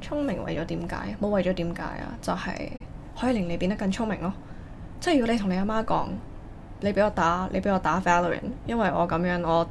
聰 <laughs> 明為咗點解？冇好為咗點解啊！就係可以令你變得更聰明咯。即係如果你同你阿媽講，你俾我打，你俾我打 Valorant 因為我咁樣我。